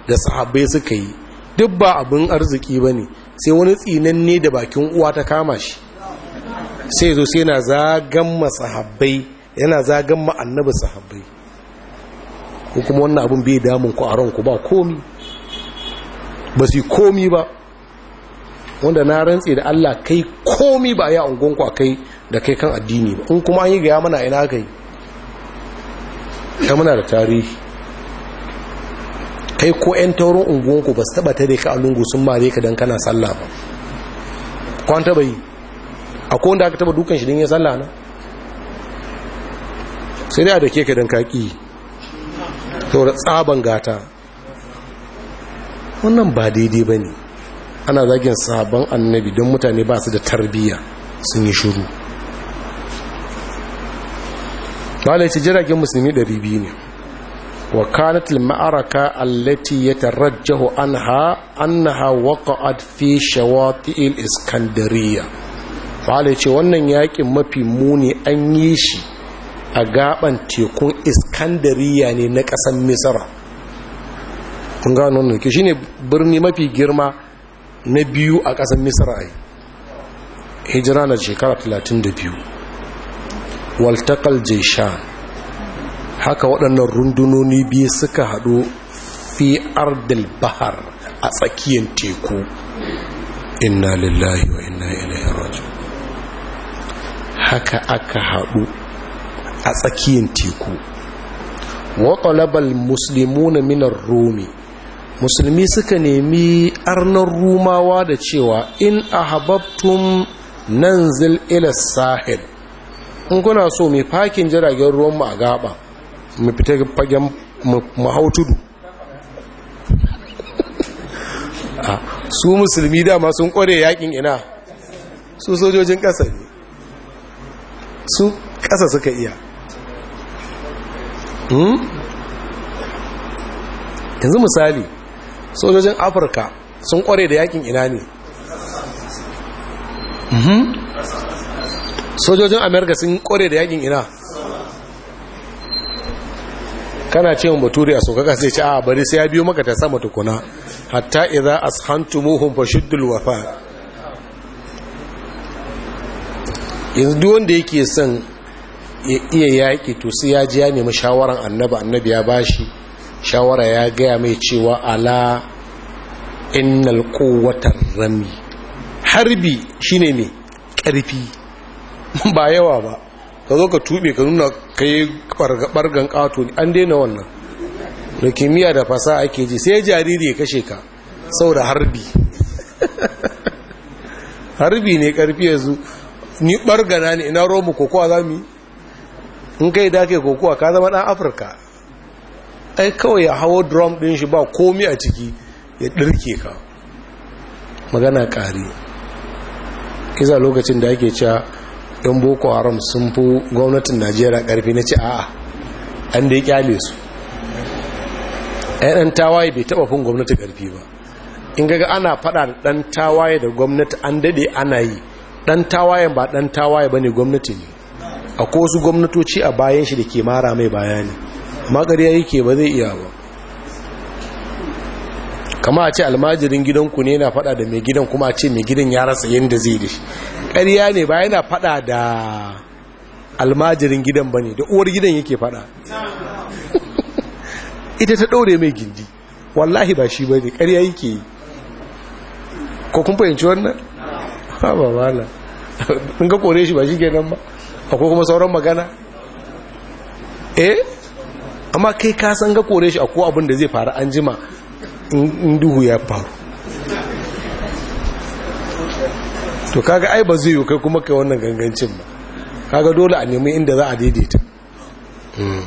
da sahabbai suka yi duk ba abin arziki ba ne sai wani tsinanne da bakin uwa ta kama shi sai zo sai yana zagan ma sahabai yana zagan ma annabi sahabbai ko kuma wannan abin bai damun ku a ranku ba komi ba su komi ba wanda na rantse da Allah kai komi ba ya unguwanku a kai da kai kan addini ba in kuma an yi gaya mana ina kai ta muna da tarihi kai ko 'yan taurin unguwanku ba su taba ta da ka alungu sun mare ka don kana sallah ba kwan taba yi a kowanda aka taba dukan shi don yin sallah na sai dai a da ke ka don kaki taura tsaban gata wannan ba daidai ba ne ana zagin sabon annabi don mutane ba su da tarbiyya sun yi shuru malai ce jiragen musulmi 200 ne wa kanat al-ma'araka allati yatarajjahu anha annaha waqa'at fi shawati'il iskandariya malai ce wannan yakin mafi muni an yi shi a gaban tekun iskandariya ne na ƙasar misra kun gano wannan ke shine birni mafi girma na biyu a ƙasar misra ai hijira na shekara 32 waltakal jaishan haka waɗannan rundunoni biyu suka haɗu fi ardil bahar a tsakiyar teku inna lillahi wa inna ilaihi raji'un haka aka haɗu a tsakiyar teku wa talabal muslimuna minar rumi musulmi suka nemi arnar rumawa da cewa in ahabbtum nanzil ila sahil in kuna so mai fakin jiragen ruwan mu a gaba mu fita fagen mu hau tudu su musulmi dama sun kware yakin ina su sojojin ƙasa ne su ƙasa suka iya hmm? yanzu misali sojojin afirka sun kware da yakin ina ne hmm? sojojin amerika sun kore da yakin ina kana ce wa bature a sokaka sai ce a bari sai ya biyo maka ta sama tukuna hatta idza ashantumuhum shiddul wafa yanzu duk wanda yake son ya iya yaƙi to sai ya ji ya nemi shawaran annabi annabi ya bashi shawara ya gaya mai cewa ala innal quwwata rami harbi shine mai ƙarfi ba yawa ba ka zo ka tube ka nuna ka yi bargan ƙato an daina wannan da kimiyya da fasa ake ji sai jariri ya kashe ka sau da harbi harbi ne karfi yanzu ni bargana ne ina romu kokowa za mu in kai dake kokowa ka zama ɗan afirka ai kawai ya hawo drum ɗin shi ba komi a ciki ya ɗirke ka magana ƙari iza lokacin da ake cewa yan boko haram sun fi gwamnatin najeriya karfi na ce a'a an da ya kyale su ɗan tawaye bai taɓa fin gwamnati karfi ba in gaga ana faɗa da ɗan tawaye da gwamnati an daɗe ana yi ɗan tawaye ba ɗan tawaye ba ne gwamnati ne a wasu gwamnatoci a bayan shi da ke mara mai bayani amma yi yake ba zai iya ba kama a ce almajirin gidanku ne yana fada da mai gidan kuma a ce mai gidan ya rasa yadda zai dashi. ƙarya ne ba yana fada da almajirin gidan ba ne da uwar gidan yake fada ita ta ɗaure mai gindi wallahi ba shi ba ne ƙarya yake yi ko kun fahimci wannan ha ba na in ga kore shi ba shi kenan ba akwai kuma sauran magana eh amma kai ka san ga kore shi akwai abin da zai faru an jima in duhu ya faru to kaga ai ba zai yi kai kuma kai wannan gangancin ba kaga dole a nemi inda za a daidaita hmm.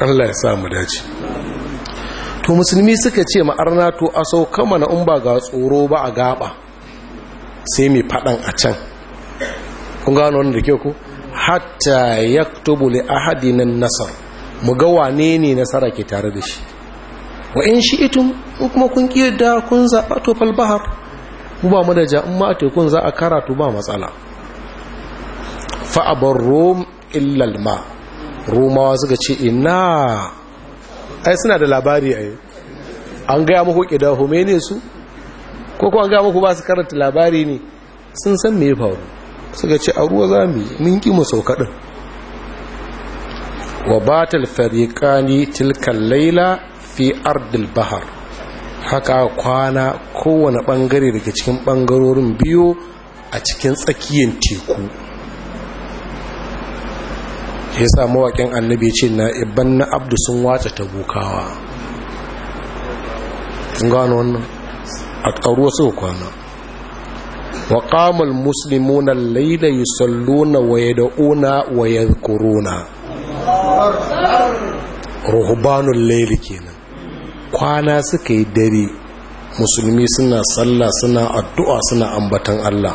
Allah ya samu dace to musulmi suka ce ma'arna to a sauka mana in ba ga tsoro ba a gaba sai mai fadan a can kun gano wanda ke ku hatta tubuli a hadinan nasar mu ga wane ne nasara ke tare da shi wa in shi'itum in kuma kun yadda kun zaɓa to fal bahar mu ba madaja in ma a tekun za a karatu ba matsala fa abar rom illa ma romawa suka ce ina ai suna da labari ai an gaya muku kidahume ne su ko kuma an gaya muku ba su karanta labari ne sun san me ya faru suka ce a ruwa za mu yi mun ki mu sauka din wa batal fariqani tilkal laila fi ardil bahar haka kwana kowane bangare daga cikin bangarorin biyu a cikin tsakiyar teku ya sa mawaƙin annabi ce na ibban na abdu sun wata bukawa. Sun gano wannan a ƙaruwa suka kwana na وقام المسلمون الليل يصلون ويدعون ويذكرون ruhubanun laili ke kwana suka yi dare musulmi suna sallah suna addu'a suna ambatan Allah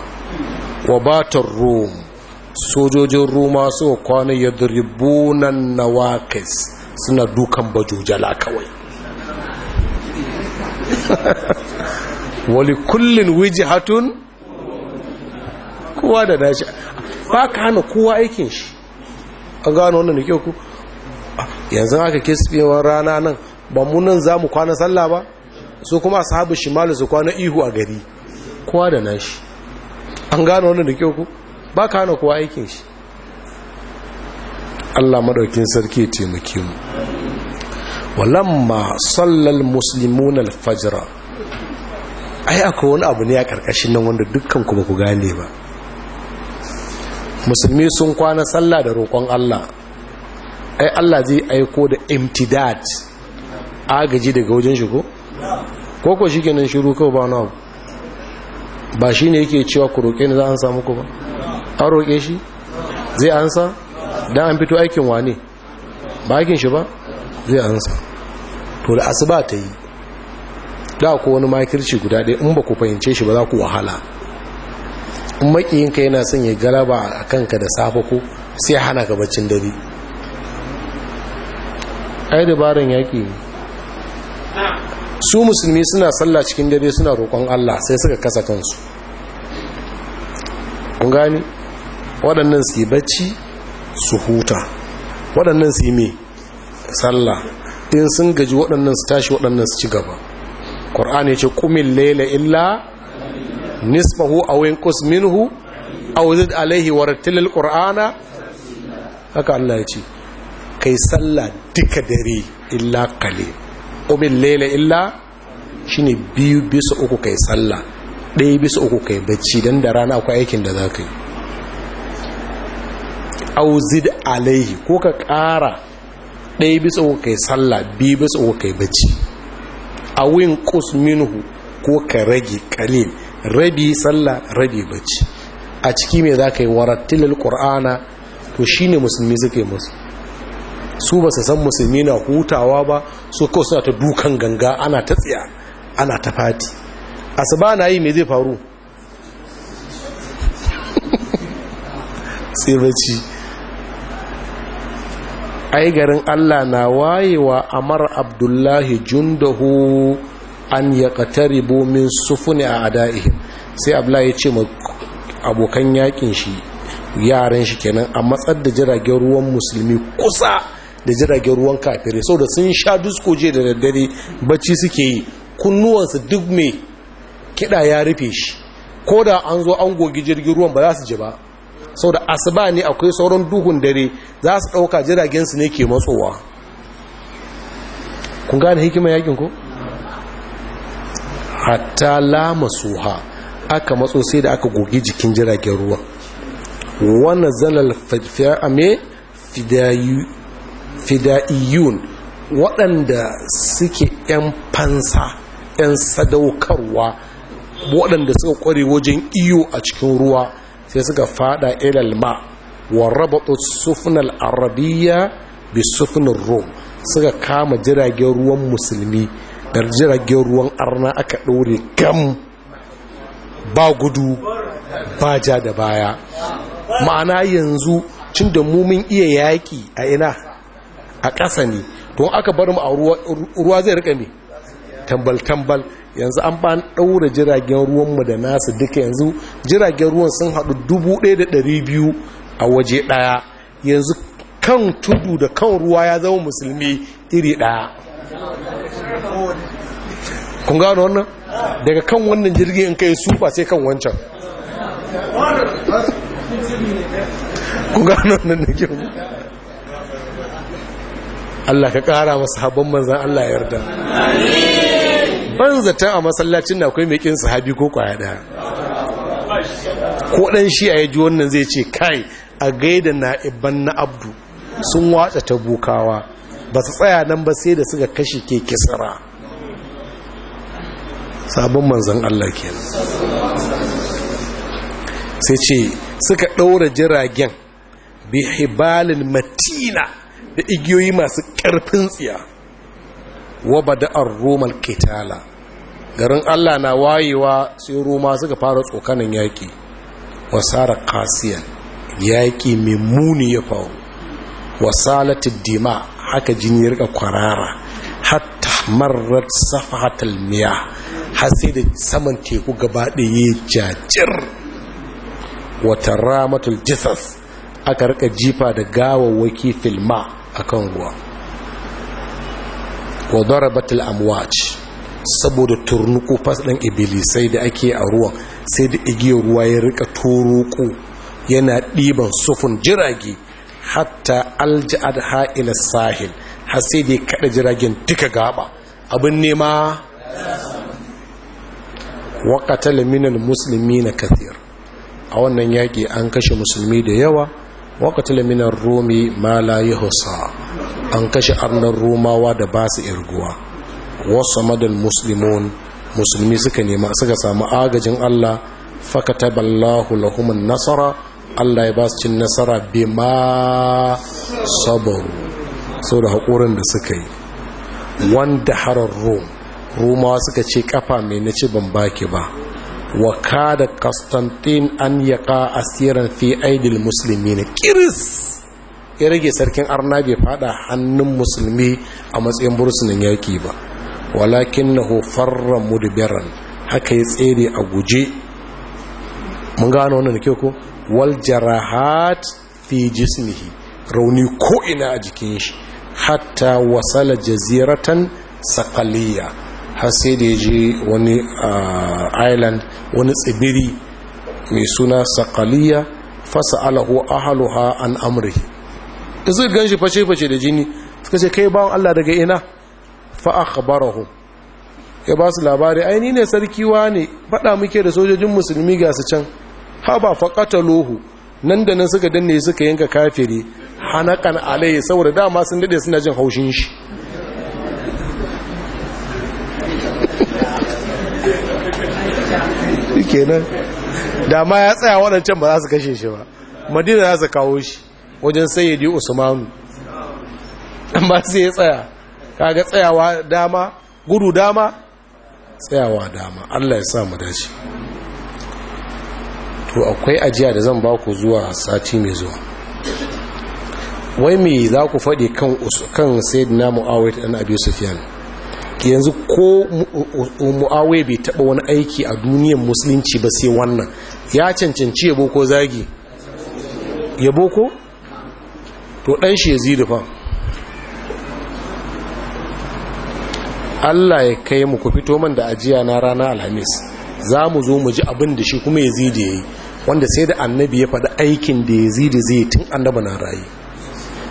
wa batar rom sojojin roma suka kwana na nawaqis suna dukan bajojala kawai wali kullin hatun kowa da dashi ba ka hana kowa aikin shi an gano wannan da ku yanzu aka kisbewar rana nan ba nan za mu kwana sallah ba su kuma sahabu shimalu su kwana ihu a gari kowa da nashi an gano wani da kyau ku ba ka hana kowa aikin shi Allah maɗaukin sarki taimake mu walamma sallal muslimun alfajra ai akwai wani abu ne a karkashin nan wanda dukkan ku ku gane ba musulmi sun kwana sallah da roƙon Allah ai Allah zai aiko da imtidad agaji daga wajen shi ko ko shi kenan shiru kawai ba na ba shi ne yake cewa ku roƙe ni za an samu ku ba an roƙe shi zai ansa dan an fito aikin wane ba aikin shi ba zai ansa to da asuba ta yi da ku wani makirci guda ɗaya in ba ku fahimce shi ba za ku wahala in makiyinka yana son ya galaba a kanka da safe ko sai hana ka baccin dare ai dabaran yaƙi ne su musulmi suna sallah cikin dare suna roƙon Allah sai suka kasa kansu kun gani waɗannan su yi bacci su huta waɗannan su yi mai sallah in sun gaji waɗannan su tashi waɗannan su ci gaba ƙwar'an ya ce kumin laila illa nisfahu a wayan Kusminhu minhu a wuzid alaihi warattilil haka Allah ya ce kai sallah duka dare illa kalil umin laila illa shine biyu bisa uku kai sallah ɗaya bisa uku kai bacci don da rana akwai aikin da za ka yi auzid alaihi ko ka ƙara ɗaya bisa uku kai sallah biyu bisa uku kai bacci a win kus minuhu ko ka rage kalil rabi sallah rabi bacci a ciki mai za ka yi warattilil ƙur'ana to ne musulmi suke musu su ba su san musulmi na hutawa ba su kawai suna ta dukan ganga ana ta tsaya ana ta fati asuba na yi me zai faru sai ai garin allah na wayewa amar abdullahi jundahu an ya kataribo bomin sufuni a ada'ihim sai abla ya ce abokan yakin shi yaran shi kenan a matsar da jiragen ruwan musulmi kusa da jiragen ruwan kafirai sau da sun sha dusko je da daddare bacci suke yi kunnuwansu duk mai kiɗa ya rufe shi ko da an zo an gogi jirgin ruwan ba za su ji ba sau da asuba ne akwai sauran duhun dare za su ɗauka jiragensu ne ke matsowa kun gane hikimar yakin ko? hatta lama suha aka matso sai da aka gogi jikin jiragen ruwan wannan zalal fidayuwa fida'iyun waɗanda suke 'yan fansa 'yan sadaukarwa waɗanda suka ƙware wajen iyo a cikin ruwa sai suka fada ilalma wa rabatu sufunan arabiya bi sufunan rom suka kama jiragen ruwan musulmi da jiragen ruwan arna aka ɗore gam ba gudu ba ja da baya ma'ana yanzu cin da mumin iya yaƙi a ina a ƙasa ne to aka bar mu a ruwa zai rika ne tambal-tambal yanzu an ba ɗaura jiragen ruwanmu da nasu duka yanzu jiragen ruwan sun haɗu 1,200 a waje ɗaya yanzu kan tudu da kan ruwa ya zama musulmi iri ɗaya kun gano wannan daga kan wannan jirgin in kai sufa sai kan wancan kun gano wannan da kyau Allah ka ƙara masu habban manzan Allah ya yarda ban zata a masallacin na akwai mai sahabi ko kwaya ɗaya ko ɗan shi a yaji wannan zai ce kai a gaida na ibban na abdu sun watsa ta bukawa ba su tsaya nan ba sai da suka kashe ke kisara. sabon manzan Allah kenan sai ce suka ɗaura jiragen bihibalin matina da igiyoyi masu ƙarfin tsiya wa bada'ar romal ketala garin allah na wayewa sai roma suka fara tsokanin yaƙi wasara kasiyan yaƙi mai muni ya faru wasalatu dima haka jini ya kwarara hatta marar safahatal miya har sai da saman teku gaba ɗaya jajir wata ramatul jisas aka rika jifa da gawawwaki filma akan ruwa wa darabatul amwaj saboda turnuku fasdan ibilisai da ake a ruwa sai da igiyar ruwa ya rika turuku yana ɗiban sufun jirage hatta alja'ad ha'ila sahil har sai da ya kaɗa jiragen duka gaba abin nema waƙatal musulmi na kathir a wannan yaƙi an kashe musulmi da yawa waƙatul minan rumi ma la an kashe arnar romawa da ba su irguwa wasu madal muslimun musulmi suka nema suka samu agajin Allah fakataballahu lahumun nasara Allah ya ba su cin nasara ma sabaru sau da haƙurin da suka yi wanda harar rom romawa suka ce kafa mai na ci ban baki ba wa kada Constantine an yaqa asiran fi aidil muslimin kiris ya rage sarkin arna bai fada hannun musulmi a matsayin bursunan yaki ba walakinnahu farra mudbiran haka ya tsere a guje mun gano wannan da ko wal jarahat rauni ko'ina a jikin shi hatta wasala jaziratan sakaliya har sai da ya je wani island wani tsibiri mai suna sakaliya fasa alahu ahaluha an amri da su gan shi fashe-fashe da jini suka ce kai bawon allah daga ina fa'akabarahu ya ba su labari aini ne sarkiwa ne faɗa muke da sojojin musulmi ga su can haba faƙata lohu nan da nan suka danne suka yanka kafiri hanakan alayhi saboda dama sun dade suna jin haushin shi kenan da ma ya tsaya waɗancan ba za su kashe shi ba madina za su kawo shi wajen sayyadi usmanu amma sai ya tsaya kaga tsayawa dama gudu dama tsayawa dama allah ya sa mu dace to akwai ajiya da zan ba ku zuwa sati mai zuwa wai me za ku faɗi kan sayyidina ta ɗan abi sufyan yanzu ko mu'awai bai taba wani aiki a duniyar musulunci ba sai wannan ya cancanci yabo ko zagi yabo ko to ɗan shi ya da fa Allah ya kai mu ku fito man da ajiya na rana alhamis za mu zo mu ji abin da shi kuma ya da ya yi wanda sai da annabi ya faɗi aikin da ya da zai tun annaba na rayu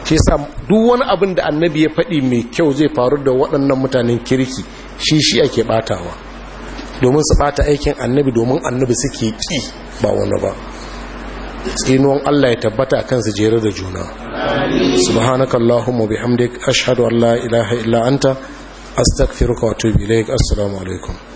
shi sa duk wani abin da annabi ya faɗi mai kyau zai faru da waɗannan mutanen kirki shi shi ake batawa domin su bata aikin annabi domin annabi suke ƙi ba wani ba tsinuwan Allah ya tabbata a kansu jere da juna subhanakallahumma bi hamdik ashadu Allah ilaha illa anta wa assalamu alaikum